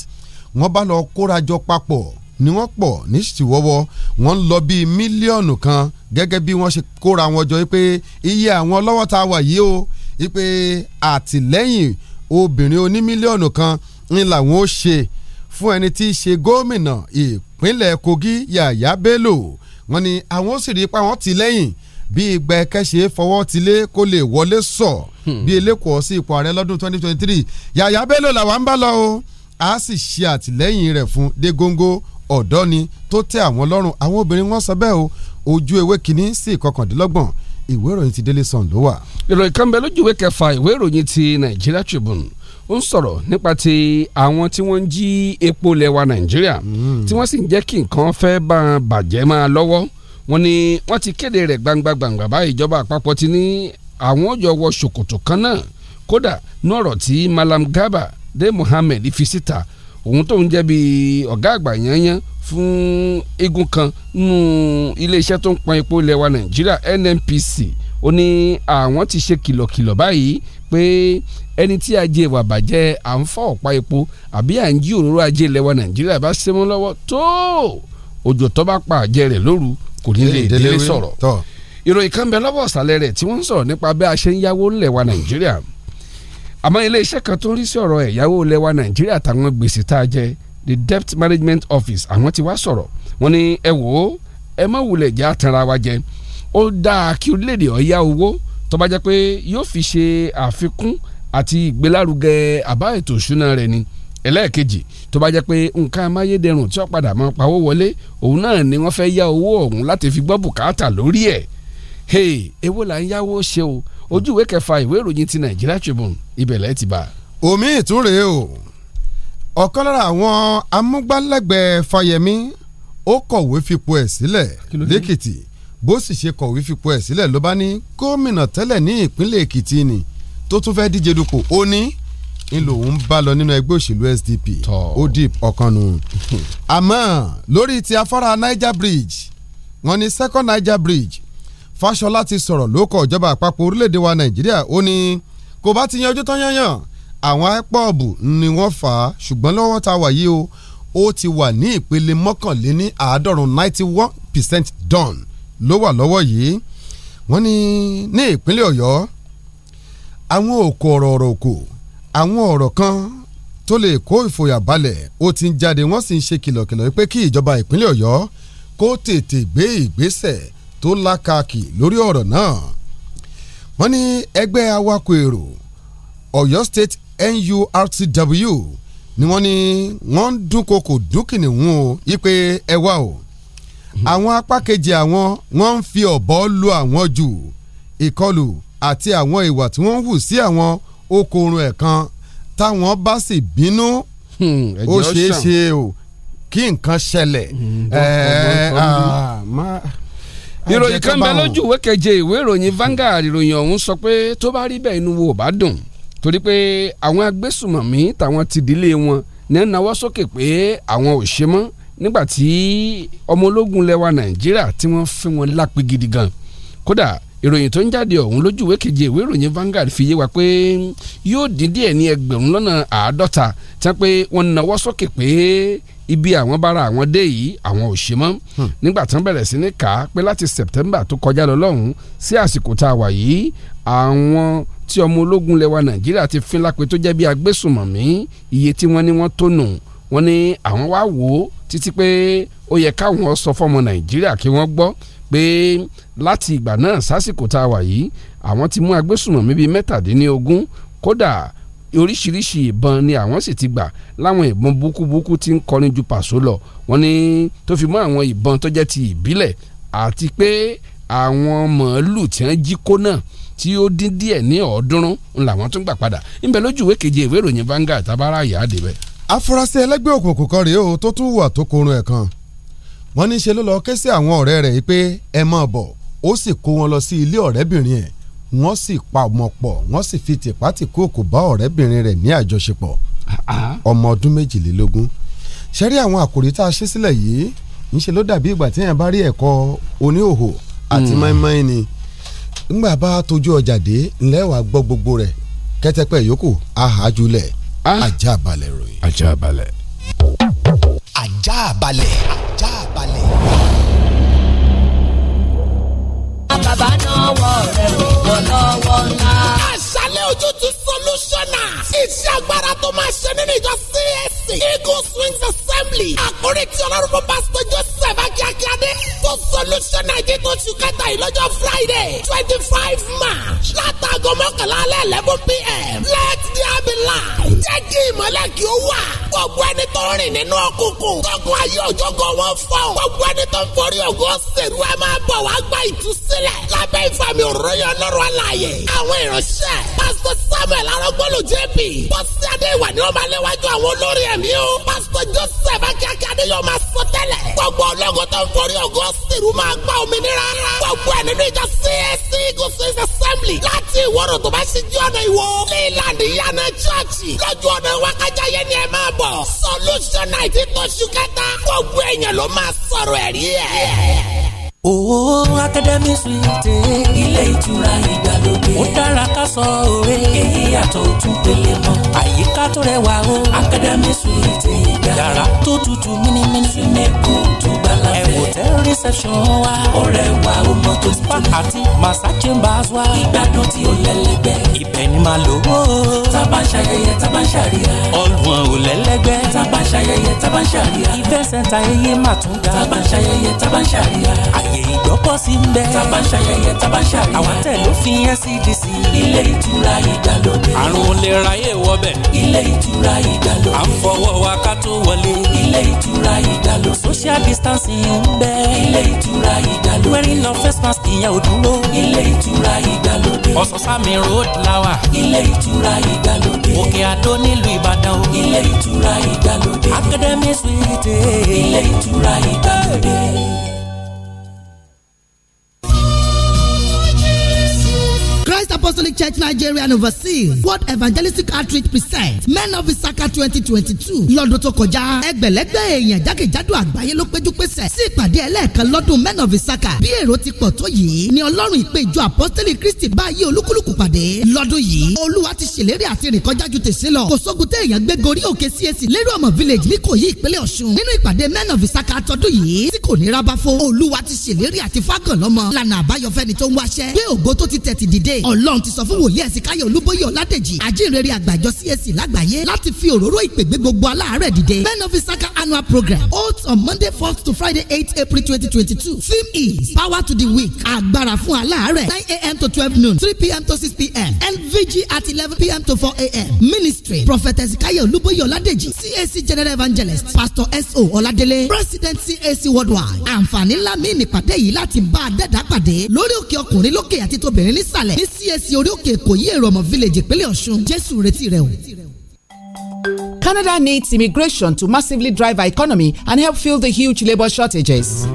wọ́n bá lọ kórajọ papọ̀ ni wọ́n pọ̀ ní ṣìwọ́wọ́ wọ́n ń lọ bíi mílíọ̀nù kan gẹ́gẹ́ bí wọ́n ṣe kóra wọn jọ pé iye àwọn ọlọ́wọ́ tá wà yìí o pé àtìlẹ́yìn obìnrin onímílíọ̀nù kan ń làwọn ó ṣe fún ẹni tí í ṣe gómìnà ìpínlẹ̀ Kogi Yàyà Bello wọ́n ní àwọn ó sì rí ipa wọn ti lẹ́yìn bí ìgbà ẹ̀kẹ́ṣe fọwọ́ ti lé kó lè wọlé sọ hmm. bí elékòó sí ipò ààrẹ lọ́dún 2023 Yàyà Bello làwọn ń bá lọ o a sì ṣe àtìlẹ́yìn rẹ̀ fún dé góńgó ọ̀dọ́ ni tó tẹ́ àwọn lọ́rùn àwọn obìnrin wọn sọ bẹ́ẹ̀ o ojú ewé kínní sí ìkọkàndínlọ́gbọ̀n ìwé ìròyìn ti Daily Sun ló wà. ìròyìn kan bẹ lójú ìwé kẹfà ìwé ìròyìn ti Nigeria Tribune ó ń sọ̀rọ̀ nípa ti àwọn tí wọ́n ń jí epo lẹ́wà Nàìjíríà hmm. tí wọ́n sì ń jẹ́ kí nǹkan fẹ́ bá bàjẹ́ máa lọ́wọ́ wọ́n ní wọ́n ti kéde rẹ̀ gbangba gbangba báyìí ìjọba àpapọ̀ ti ní àwọn òjò wọ ṣòkòtò kan náà kódà ní ọ̀rọ̀ tí Malam Garba de Mohammed fi síta òun tó ń jẹ́ bí ọ̀gá àgbà yányán fún igun kan nínú iléeṣẹ́ tó ń pọn epo ilẹ̀ wa nàìjíríà nnpc ó ní àwọn ti ṣe kìlọ̀kìlọ̀ báyìí pé ẹni tí ajé wa bàjẹ́ à ń fọ́ ọ̀pá epo àbí à ń jí òróró ajé ilẹ̀ wa nàìjíríà bá ṣe mú lọ́wọ́ tó òjò tó bá pa àjẹ́ rẹ̀ lóru kò ní lè délé sọ̀rọ̀ ìròyìn kan bẹ lọ́wọ́ ọ̀sálẹ̀ rẹ̀ tí wọ́n ń sọ̀rọ̀ nípa bí a ṣe ń yáwó ńlẹ̀ wa nàìjíríà. Mm àmọ́ iléeṣẹ́ kan tó ń rí sí ọ̀rọ̀ ẹ̀yáwó lẹ́wà nàìjíríà àtàwọn gbèsè tá a jẹ the debt management office àwọn ti wá sọ̀rọ̀ wọ́n ní ẹ wò ó ẹ má wulẹ̀ jẹ́ àtàrà wa jẹ ó dáa kí orílẹ̀-èdè ọ̀yá owó tó bá jẹ́ pé yóò fi ṣe àfikún àti ìgbélárugẹ àbá ètò ìṣúná rẹ̀ ni ẹlẹ́ẹ̀kejì tó bá jẹ́ pé nǹkan amáyédẹrùn tí ó padà máa pawó wọlé òun náà ni wọ́n fẹ́ yá owó ọ̀hún láti fi gbọ́ bùkátà lórí ẹ̀ hey èwo là ń yáwó ṣe o ojú ìwé kẹfà ìwé ìròyìn ti Nigeria Tribune ibẹ̀ lẹ́ẹ̀ ti bá. omi ìtúre o ọ̀kan lára àwọn amúgbálẹ́gbẹ̀ẹ́ Fáyẹmí ó kọ̀wé fipò ẹ̀ sílẹ̀ lẹ́kìtì bó sì ṣe kọ̀wé fipò ẹ̀ sílẹ̀ ló bá ní gómìnà tẹ́lẹ̀ ní ìpínlẹ̀ Èkìtì ni tó tún fẹ́ẹ́ díje dupò ó ní ń lòun bá lọ nínú ẹgbẹ́ òṣèlú SDP odip ọ̀kan nù. [laughs] àmọ́ lórí ti afárá Niger Bridge wọ́n ní second Niger Bridge Fáṣọlá ti sọ̀rọ̀ ló kọ ìjọba àpapọ̀ orílẹ̀‐èdè wa Nàìjíríà ó ní kò bá ti yanjú tán yányàn àwọn ipop ni wọ́n fà á ṣùgbọ́n lọ́wọ́ ta wà yìí o ó ti wà ní ìpele mọ́kànléní àádọ́rùn ninety one percent done ló wà lọ́wọ́ yìí wọ́n ní ní ìpínlẹ̀ Ọ̀yọ́ àwọn òkò ọ̀rọ̀ ọ̀rọ̀ òkò àwọn ọ̀rọ̀ kan tó lè kó ìfòyà balẹ̀ ó ti ń jáde wọ́n sì ń ṣe kìlọ̀kìlọ̀ pé kí ìjọba ìpínlẹ̀ Ọ̀yọ́ kó tètè gbé ìgbésẹ̀ tó lákàkì lórí ọ̀rọ̀ náà wọ́n ní ẹgbẹ́ awakọ̀ èrò Ọ̀yọ́ State NURTW ni wọ́n ní wọ́n ń dúnkokò dúnkìnì wọn o yípe ẹ wá o àwọn apá kejì àwọn wọ́n ń fi ọ̀bọ lu àwọn jù ìkọlù àti àwọn ìwà tí wọ́n ń hù sí àwọn okòrun ẹ̀kan táwọn bá sì bínú hmm, ó ṣeé ṣe o kí nǹkan ṣẹlẹ̀ hmm, ẹ̀ẹ́ máa ìròyìn kan bẹ lójú ìwé keje ìwé ìròyìn Vanguard ìròyìn ọ̀hún sọ pé tó bá rí bẹ́ẹ̀ inú wo ò bá dùn torí pé àwọn agbésùmọ̀mí tàwọn ti dílé wọn ní náwó sókè pé àwọn ò ṣe mọ́ nígbà tí ọmọ ológun lẹwa Nàìjíríà tí wọ́n fi wọn lápè gidi gan kódà ìròyìn tó ń jáde ọ̀hún lójú ìwé keje ìwé ìròyìn Vanguard fi yé wa pé yóò dín díẹ̀ ní ẹgbẹ̀rún lọ́nà àádọ́ta tí wọ́n pé wọ́n náwó sókè pé ibi àwọn bára àwọn dé yìí àwọn ò ṣe mọ́ hmm. nígbà tí wọ́n bẹ̀rẹ̀ sí ní kà á pé láti September tó kọjá lọ lọ́hùn-ún sí àsìkò tá a wà yìí àwọn tí ọmọ ológun lẹwa Nàìjíríà ti fín lápẹ́ tó jẹ́ bí agbésùmọ̀mí iye tí wọ́n ní wọ́n tó nù wọ́n ní àwọn wá wò ó títí pé ó yẹ káwọn sọ fọmọ Nàìjíríà kí wọ́n gbọ́ pé láti ìgbà náà sásìkò tá a wà yìí àwọn ti mú agbésùmọ̀mí bíi mẹ́tàdínlógún kódà oríṣiríṣi ìbọn ni àwọn sì ti gbà láwọn ìbọn búkúbúkú tí ń kọrin ju pàṣọ lọ wọ́n ní tó fi mọ́ àwọn ìbọn tó jẹ́ ti ìbílẹ̀ àti pé àwọn mọ̀ọ́lù tí wọ́n jí kó náà tí ó dín díẹ̀ ní ọ̀ọ́dúnrún làwọn tún gbà padà ńbẹ lójú ìwé keje ìwé ìròyìn Vanguard tábàárà yà á dé bẹ́ẹ̀. afurasí ẹlẹ́gbẹ́ òkùnkùn kan rèé o tó tún wà tó korun ẹ̀ kan wọ́n ní í ṣe ló lọ ké sí àwọn ọ̀rẹ́ rẹ̀ yìí pé ẹ máa bọ̀ ó sì kó wọn lọ sí ilé ọ̀rẹ́bìnrin ẹ̀ wọ́n sì pa ọmọ pọ̀ wọ́n sì fi tìpátìkóòkò bá ọ̀rẹ́bìnrin rẹ̀ ní àjọṣepọ̀ ah, ah. ọmọ ọdún méjìlélógún ṣẹ́rí àwọn àkòrí tá a ṣe sílẹ̀ yìí ńṣe ló dàbí ìgbà téèyàn bá rí ẹ̀kọ́ oníhòhò àti hmm. mọ́ínmọ́ín ni ńgbà bá tójú ọjà dé ńlẹ́wàá gbọ́ gbogbo rẹ̀ kẹ́tẹ́pẹ́ yòókù ahajulẹ̀ ah. ajá ròyìn. ajá balẹ̀. ajá balẹ̀ àbàbà náà wọ̀ rẹ̀ o wọ̀ lọ́wọ́ ńlá. àṣàlẹ̀ ojútùú solúṣọ́nà iṣẹ́ agbára tó máa ṣe nínú ìjọ sí CAC Eagle Swings Assembly àkórí tí ọlọ́run pásítọ̀ Joseph Akíakíadé tó solution nàìjíríà tó ṣù kẹta yìí lọ́jọ́ Friday twenty five March látàgọ́ mọ́kànlá alẹ́ eleven pm let there be light jẹ́ kí ìmọ̀lẹ̀ kí ó wà gbogbo ẹni tó rìn nínú òkùnkùn gbogbo ayé òjòkó wọn fọ́ gbogbo ẹni tó ń forí ògùn ṣèrú ẹ máa bọ̀ wá gba ìtúsílẹ̀ lábẹ́ ìfàmì òróyìn ọlọ́run àlàyé àwọn ìránṣẹ́ pásítọ̀ lónìí o. pásítọ̀ joseph akíákíá ni yóò máa sọ tẹ́lẹ̀. gbogbo ológun tó ń forí ògo sírù máa gba òmìnira. gbogbo ẹ̀ nínú ìjọ csc e gospel assembly láti ìwọ́rò tó bá ṣe jí ọ̀nà ìwọ. ní ìlànà ìyànà chọ́ọ̀chì lọ́jọ́ ọ̀nà wákàjà yẹn ni ẹ máa bọ̀. solution night tó ṣú kẹta. gbogbo ẹ̀yàn ló máa sọ̀rọ̀ ẹ̀rí ẹ̀. owó oh, akademi suwite ilé ìtura ìgbà ó dára ká sọ òwe. èyí yàtọ̀ ojú pele mọ́. àyíká tó rẹwà o. academy suite ìgbà. yàrá tó tutù mímímí. sinimu tó gbala hotel reception wa. ọ̀rẹ́ wa ó mọ tó ti tó. àti massa chambers wa. ìgbádùn tí ó lẹ́lẹ́gbẹ́. ibẹ̀ ni màá lò ó. tábà ń ṣayẹyẹ tábà ń ṣàríyá. ọ̀gbun ò lẹ́lẹ́gbẹ́. tábà ń ṣayẹyẹ tábà ń ṣàríyá. ìfẹ́ sẹ́ńtà ẹyẹ mà tún ga. tábà ń ṣayẹyẹ tábà ń ṣàríyá. àyè ìgbọ́pọ̀ sí ń bẹ. tábà ń ṣayẹyẹ tábà ń àwọn tẹ̀ ló fi NCDC. ilé ìtura ìdàlódé. àrùn lè ra yé wọbẹ̀. ilé ìtura ìdàlódé. à ń fọwọ́ wa ká tó wọlé. ilé ìtura ìdàlódé. social distancing bẹ̀. ilé ìtura ìdàlódé. wearing no face mask ìyẹn ò dúró. ilé ìtura ìdàlódé. ọ̀sán-sámi road lawa. ilé ìtura ìdàlódé. òkè àdó nílùú ìbàdàn o. ilé ìtura ìdàlódé. academy suite. ilé ìtura ìdàlódé Church Nigeria and overseas World Evangelistic Outreach Present Men of Isaka twenty twenty two lọ́dún tó kọjá ẹgbẹ̀lẹ́gbẹ̀ èèyàn jákèjádò àgbáyé ló péjú pésẹ̀ sí ìpàdé ẹlẹ́ẹ̀kan lọ́dún Men of Isaka bí èrò ti pọ̀ tó yìí ni Ọlọ́run ìpè ìjọ apọ́sítélì Kristi báyé olúkúlùkù pàdé lọ́dún yìí Olúwa ti ṣèlérí àti rìn kọjá ju tèsí lọ kò sógun téèyàn gbé gorí òkè CAC lérò ọmọ village níkòyí ìpínlẹ̀ Ọ̀ṣun nínú ìpàdé Men of Isaka tọdún yìí tí kò ní rábá fún Olúwa ti ṣèlérí àti fágànlọ́mọ lànà àbáyọ fẹ́ni tó ń wáṣẹ́ gbé ògo tó ti tẹ̀ ti dìde Ọlọ́run ti sọ fún wòlíì ẹ̀sìn káyọ̀ olúbóyè ọ̀ládẹ́jì àjíǹrere àgbàjọ CAC lágbàáyé láti fi òróró ìpègbè gbogbo aláàárẹ̀ dìde men of isaka annual program holds on monday fourth to friday eight april twenty twenty two theme is power to the weak agbára fún aláàárẹ̀ nine a.m. to twelve noon three p.m. to six p.m. nvg at eleven p.m. to four a.m. ministry prophet ẹ̀sìn káyọ̀ olúbóyè ọ̀ládẹ́jì CAC general evangelist pastor S.O. ọ̀ládélé president CAC worldwide àǹfààní ńlá mi nípàdé yìí láti bá a dẹ́dàá pàdé lórí òkè ọkùnrin lókè àti tóbìnrin CAC orí lókè èkó yí èròmọ̀ village ìpínlẹ̀ ọ̀ṣun jésù retí rẹ o. Canada needs immigration to massively drive our economy and help fill the huge labour shortages.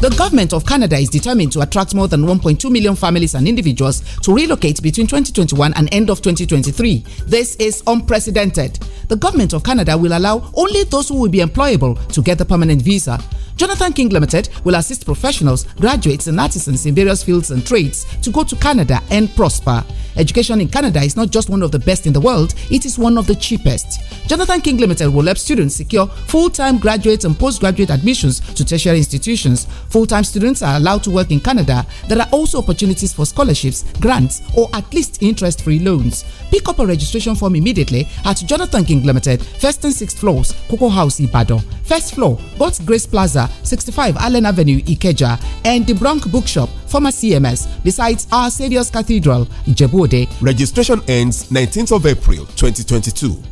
The government of Canada is determined to attract more than 1.2 million families and individuals to relocate between 2021 and end of 2023. This is unprecedented. The government of Canada will allow only those who will be employable to get a permanent visa. Jonathan King Limited will assist professionals, graduates, and artisans in various fields and trades to go to Canada and prosper. Education in Canada is not just one of the best in the world, it is one of the cheapest. Jonathan King Limited will help students secure full time graduate and postgraduate admissions to tertiary institutions. Full time students are allowed to work in Canada. There are also opportunities for scholarships, grants, or at least interest free loans. Pick up a registration form immediately at Jonathan King Limited, first and sixth floors, Cocoa House, Ibadan. First floor, God's Grace Plaza, 65 Allen Avenue, Ikeja, and the Bronx Bookshop, former CMS, besides Our Saviour's Cathedral, Ijebuode. Registration ends 19th of April 2022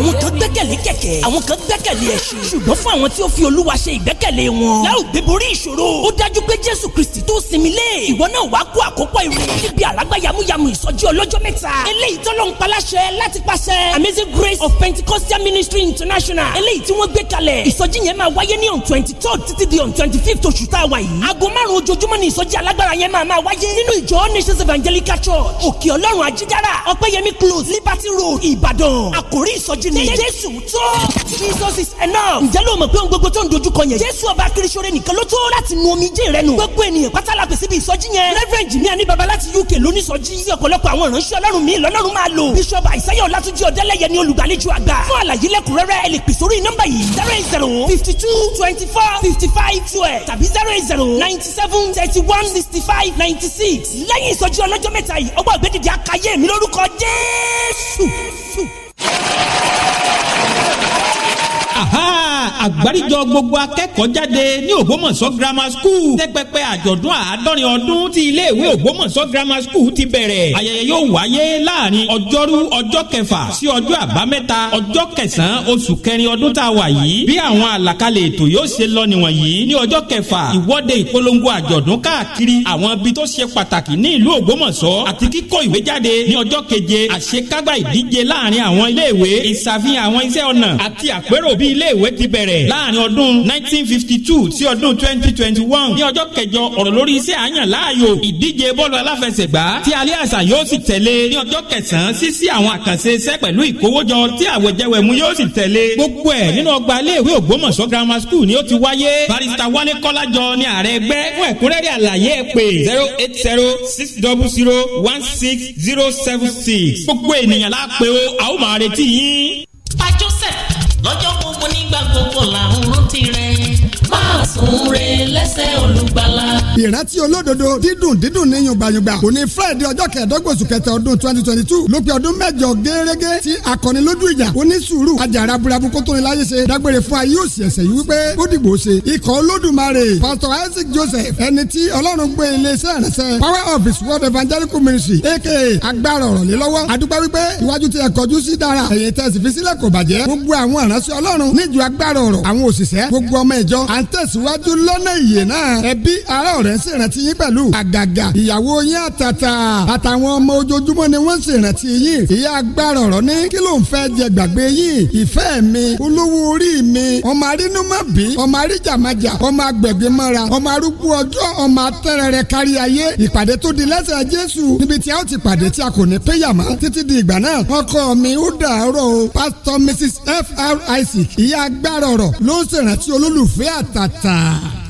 àwọn kan gbẹ́kẹ̀lé kẹ̀kẹ́ àwọn kan gbẹ́kẹ̀lé ẹṣin ṣùgbọ́n fún àwọn tí ó fi olúwa ṣe ìgbẹ́kẹ̀lé wọn láò gbé borí ìṣòro ó dájú pé jésù kristi tó sinmi lé ìwọ náà wàá kó àkópọ̀ ìrìn níbi àlágbá yamuyamu ìsọjí ọlọ́jọ́ mẹ́ta eléyìí tọ́lọ́ ń paláṣẹ láti pàṣẹ amazing grace of pentecostal ministry international eléyìí tí wọ́n gbé kalẹ̀ ìsọjí yẹn máa wáyé ní on twenty third títí di on twenty fifth oṣù tá a wà yìí aago márùn ojoojúmọ́ ni ìsọjí alágbára yẹn máa máa wáyé nínú ìjọ nations evangelical church òkè ọlọ́run àjíjára ọpẹ́yẹmí close liberty road ìbàdàn àkórí ìsọjí Kristi ni. Jésù tó. Jesus is enough. Ǹjẹ́ ló mọ̀ pé ohun gbogbo tó ń dojú kọ yẹn? Jésù ọba Kirisore nìkan ló tó láti nu omijé rẹ nù. Gbogbo ènìyàn pátá la pèsè bí ìsọjí yẹn. Reverend Jimmy Ani Baba láti UK lónísọjí. Sí ọ̀pọ̀lọpọ̀ àwọn ìránṣẹ́ Ọlọ́run mi lọ́lọ́run máa lò. Bishop Àìsáyọ̀ Látúnjí Ọ̀dẹ́lẹ̀yẹ ni olùgbàlejò àgbà. Fún àlàyé lẹ́kùnrẹ́rẹ́ ẹ lè pè sórí nọ́mbà yìí. zero eight zero fifty two twenty four fifty five twelve tàbí zero eight zero ninety seven thirty one sixty five ninety six. Lẹ́yìn ìsọjí ọlọ́jọ́ mẹ́ta yìí, ọgbọ́n ìgbẹ́dìdì àkàyé mi lórúkọ Jésù. Ajá. àgbáríjọ gbogbo akẹ́kọ̀ọ́ jáde ní Ògbómọ̀ṣọ́ grammar school tẹ́pẹ́pẹ́ àjọ̀dún àádọ́rin ọdún ti iléèwé Ògbómọ̀ṣọ́ grammar school ti bẹ̀rẹ̀ ayẹyẹ yóò wáyé láàrin ọjọ́rú ọjọ́ kẹfà sí ọjọ́ àbámẹ́ta ọjọ́ kẹsàn-án oṣù kẹrin ọdún tá a wà yìí bí àwọn àlàkalẹ̀ ètò yóò ṣe lọ nìwọ̀nyí ní ọjọ́ kẹfà ìwọ́de ìpolongo àjọ̀dún káàkiri àwọn ibi tó ṣe pàtàkì ní ìlú Ògbómọ̀ṣọ́ àti kíkó ìwé jáde ní ọjọ́ keje àṣekágbá ìdíje láàrin àwọn iléèwé ìsàfihàn àwọn iṣẹ́ ọnà àti àpérò bí iléèwé ti bẹ̀rẹ̀ láàrin ọdún nineteen fifty two sí ọdún twenty twenty one ní ọjọ́ kẹjọ ọ̀rọ̀ lórí iṣẹ́ àyàn láàyò ìdíje bọ́ọ̀lù aláfẹsẹ̀gbá tí alẹ́ àṣà yóò sì tẹ̀lé ní ọjọ́ kẹsàn-án sísí àwọn àkànṣe iṣẹ́ pẹ̀lú ìkówójọ tí mu yóò sì tẹ̀lé gbogbo ẹ̀ nínú ọgbà iléèwé ògbómọ̀ṣọ́ grammar school ni ó ti wáyé barista wálé kọ́lájọ ni ààrẹ ẹgbẹ́ fún ẹ̀kúnrẹ́rẹ́ àlàyé ẹ pè zero eight zero six double zero one six zero seven six gbogbo ènìyàn la pè o a ó máa yín. 我做啦。àsùnwòrè lẹ́sẹ̀ olùgbàlà. ìrántí olódodo dídùn dídùn ní yungbanyungba kò ní friday ọjọ́ kẹẹ̀ẹ́dọ́gbọ̀n oṣù kẹta ọdún twenty twenty two ló pe ọdún mẹ́jọ gẹ́rẹ́gẹ́ tí akọni lójú ìjà onísùúrù ajara burabu kótóni láyé ṣe dágbére fún ayé òsì ẹ̀sẹ̀ yìí wípé ó dìgbò ṣe ikọ̀ olódùmarè pastor isaac joseph ẹni tí ọlọ́run gbé iléeṣẹ́ ìrẹsẹ̀ power of his word evangelical ministry aka agbára ọ̀rọ̀ lé lọ́wọ́ àdúgbò wípé iwájú ti ẹ̀kọ́jú sí dára ẹ̀yìn tẹ̀sí fi sílẹ̀ kò bàjẹ́ gbogbo àwọn ìránṣẹ́ ọlọ́run níjù agbára ọ̀rọ̀ àwọn òṣìṣẹ́ gbogbo ọmọ ìjọ à ń tẹ̀sí tẹ̀síwájú lọ́nà ìyè náà ẹbí ará ọ̀rẹ́ sì rántí yín pẹ̀lú àgàgà ìyàwó yín àtàtà àtàwọn ọmọ ojoojúmọ́ ni wọ́n sì rántí yín ìyá agbára ọ̀rọ̀ ní kí ló ń fẹ́ jẹ gbàgbé yín ìfẹ́ mi olówó orí mi ọmọ arínúmọ̀bí ọmọ aríjàmájà ọmọ agbẹ̀gbẹ̀mọ́ra ọmọ arúgbó ọjọ́ ọmọ atẹ́rẹrẹ kárí ayé ìpàdé tó di lẹ́sẹ̀ Jésù níbi tí a ó ti pàdé tí a kò ní péyàmá títí di ìgbà náà ọkọ mi ó dàárọ̀ o pásítọ̀ Mrs F R Isaac ìyá agbára ọ̀rọ̀ ló ń ṣèrántí olólùfẹ́ àtàtà 在。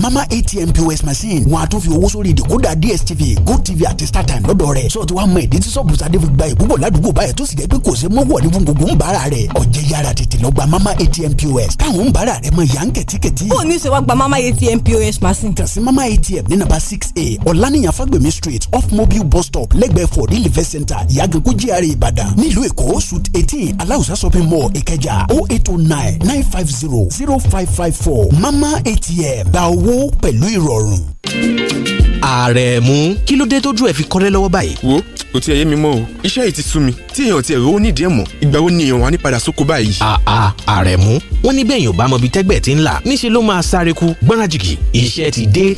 mama atm pos machine wọn a tún fi owó sórí ìdìkúdà dstv gotv àti startime lọ́dọ̀ rẹ̀ sọ ti wá mọ ìdí tí sọ́ọ̀bù sadé fi gba ìbúbọ̀ ládùúgbò báyìí tó sì jẹ́ pé kò ṣe mọ́wọ́ ní gbogbo ń bára rẹ̀ ọ̀jẹ̀ yára tètè lọ gba mama atm pos táwọn ń bára rẹ̀ mọ ìyá ń kẹ̀tíkẹ̀tí. ó ní ṣe wá gba mama atm pos machine. kàn sí mama atm ní nàbà six a ọ̀lànìyàn fagbemi street off mobile bus stop lẹ́gbẹ̀ẹ́ for real event center ìyàgànkú gr ìbàdàn nílùú èkó suit eighteen aláùsá shopping mall ìkẹjà o oh eight o oh nine nine five zero zero five five four mama atm gba owó owó pẹ̀lú ìrọ̀rùn. Àrẹ̀mú kí ló dé tójú ẹ̀ fi kọ́lé lọ́wọ́ báyìí. wo kò tiẹ̀ yé mi mọ́ o iṣẹ́ yìí ti sú mi tí èèyàn tiẹ̀ rówó nídìí ẹ̀ mọ́ ìgbà wo ni èèyàn wà ní padà sóko báyìí. àà Àrẹ̀mú wọ́n ní bẹ́ẹ̀ yóò bá mọbi tẹ́gbẹ́ ti ń là níṣẹ́ ló máa sáré ku gbọ́nrajìkì iṣẹ́ ti dé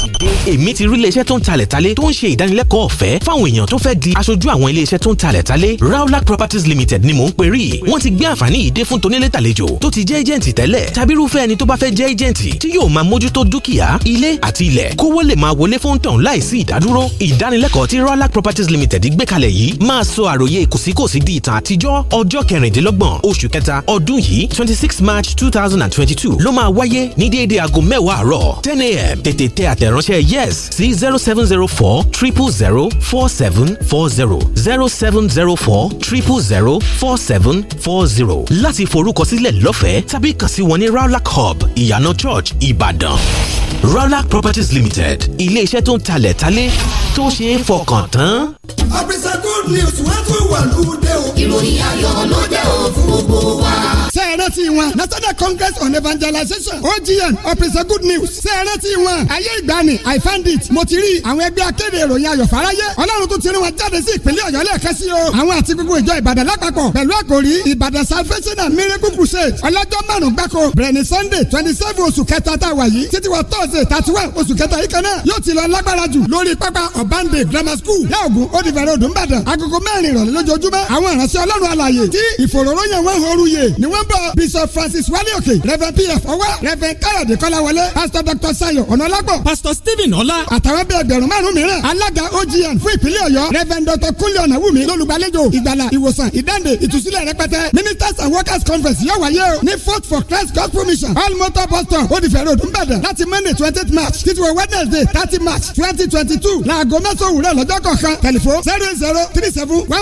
èmi ti rí iléeṣẹ́ tó ń talẹ̀ talé tó ń ṣe ìdánilẹ́kọ̀ọ́ ọ̀fẹ́ fáwọn èèyàn tó fẹ́ di aṣojú àwọn iléeṣẹ́ tó ń talẹ̀ talé Raulac Properties Limited ni mò ń perí wọ́n ti gbé àǹfààní yìí dé fún tonílé tàlejò tó ti jẹ́ ẹjẹ̀ǹtì tẹ́lẹ̀ tàbí irúfẹ́ ẹni tó bá fẹ́ jẹ́ ẹjẹ̀ǹtì tí yóò máa mójútó dúkìá ilé àti ilẹ̀ kówó lè máa wọlé fún tàn láìsí ìdádúró ìdánilẹ́kọ̀ọ́ tí Rawlac Properties Limited gbé kalẹ̀ yìí máa sọ àròyé kòsíkòsí di ìtàn àtijọ́ ọjọ́ kẹrìndínlọ́gbọ̀n oṣù kẹta ọdún yìí twenty six march two thousand and twenty two ló máa wáyé ní déédé aago mẹ́wàá àárọ̀ ten a.m. tètè tẹ àtẹ̀ránṣẹ́ yes sí zero seven zero four triple zero four seven four zero zero seven zero four triple zero four seven four zero láti forúkọsílẹ̀ lọ́fẹ̀ẹ́ tàbí kàn sí wọn ní Rawlac hub ìyànà church ìbàdàn Rawlac Properties Limited ilé-iṣẹ́ tó ń talẹ̀ talé tó ṣe é fọkàn tán. ọ̀pẹ̀sẹ̀ good news wá tún wà lóde o. ìròyìn ayọ̀ ló dé o fún gbogbo wa. ṣé ẹ rántí wọn National Congress on Evangelization OGN ọ̀pẹ̀sẹ̀ good news ṣé ẹ rántí wọn ayé ìgbani I find it mo ti rí àwọn ẹgbẹ́ akéde ìròyìn ayọ̀ fáráyé ọlọ́run tó ti rí wọn jáde sí ìpínlẹ̀ ọ̀yọ́ lẹ́ẹ̀kan sí o àwọn àti gbogbo ìjọ ìbàdàn lápapọ̀ pẹ̀lú àkòrí ìbàdàn salvation and miracle crusade ọlọ́jọ́ márùn-ún gbáko bẹ̀rẹ̀ Sunday twenty seven oṣù kẹta tá a wà yìí wednesday thirty one oṣù kẹta yìí kan náà yóò ti lọ lágbára jù lórí pápá ọ̀bánde grammar school yàgùn òdìfẹ̀rẹ̀ odò ńbàdàn agogo mẹ́rin ìrọ̀lẹ́ lójoojúmọ́ àwọn ìránṣẹ́ ọlọ́run alààyè tí ìfòròròyìn wọn horu yè ni wọ́n bọ̀ bishop francis wálé òkè reverend pf ọwá reverend káyọ̀dé kọ́láwọlé pastor dr sayo ọ̀nàlágbọ̀ pastor stephen ọlá àtàwọn bẹ́ẹ̀ ẹgbẹ̀rún márùn mìíràn alága ogn fún ìpínlẹ̀ ọ̀yọ́ reverend dr kúnlẹ̀ ọ̀nàwùmí lólùgbàlejò ìgbàlà ìwòsàn ìdáǹdè ìtúsílẹ̀ rẹpẹtẹ ministers and workers conference yóò wáyé o ní fourth for christ gospel mission all motor bus stop òdìfẹ̀rẹ̀ odò ńbàdàn láti monday twenty march títí wọ wednesday thirty march twenty twenty two laago mẹ́sàn-án òwúrọ̀ lọ́jọ́ kọ̀ọ̀kan tẹlifon zero zero three seven one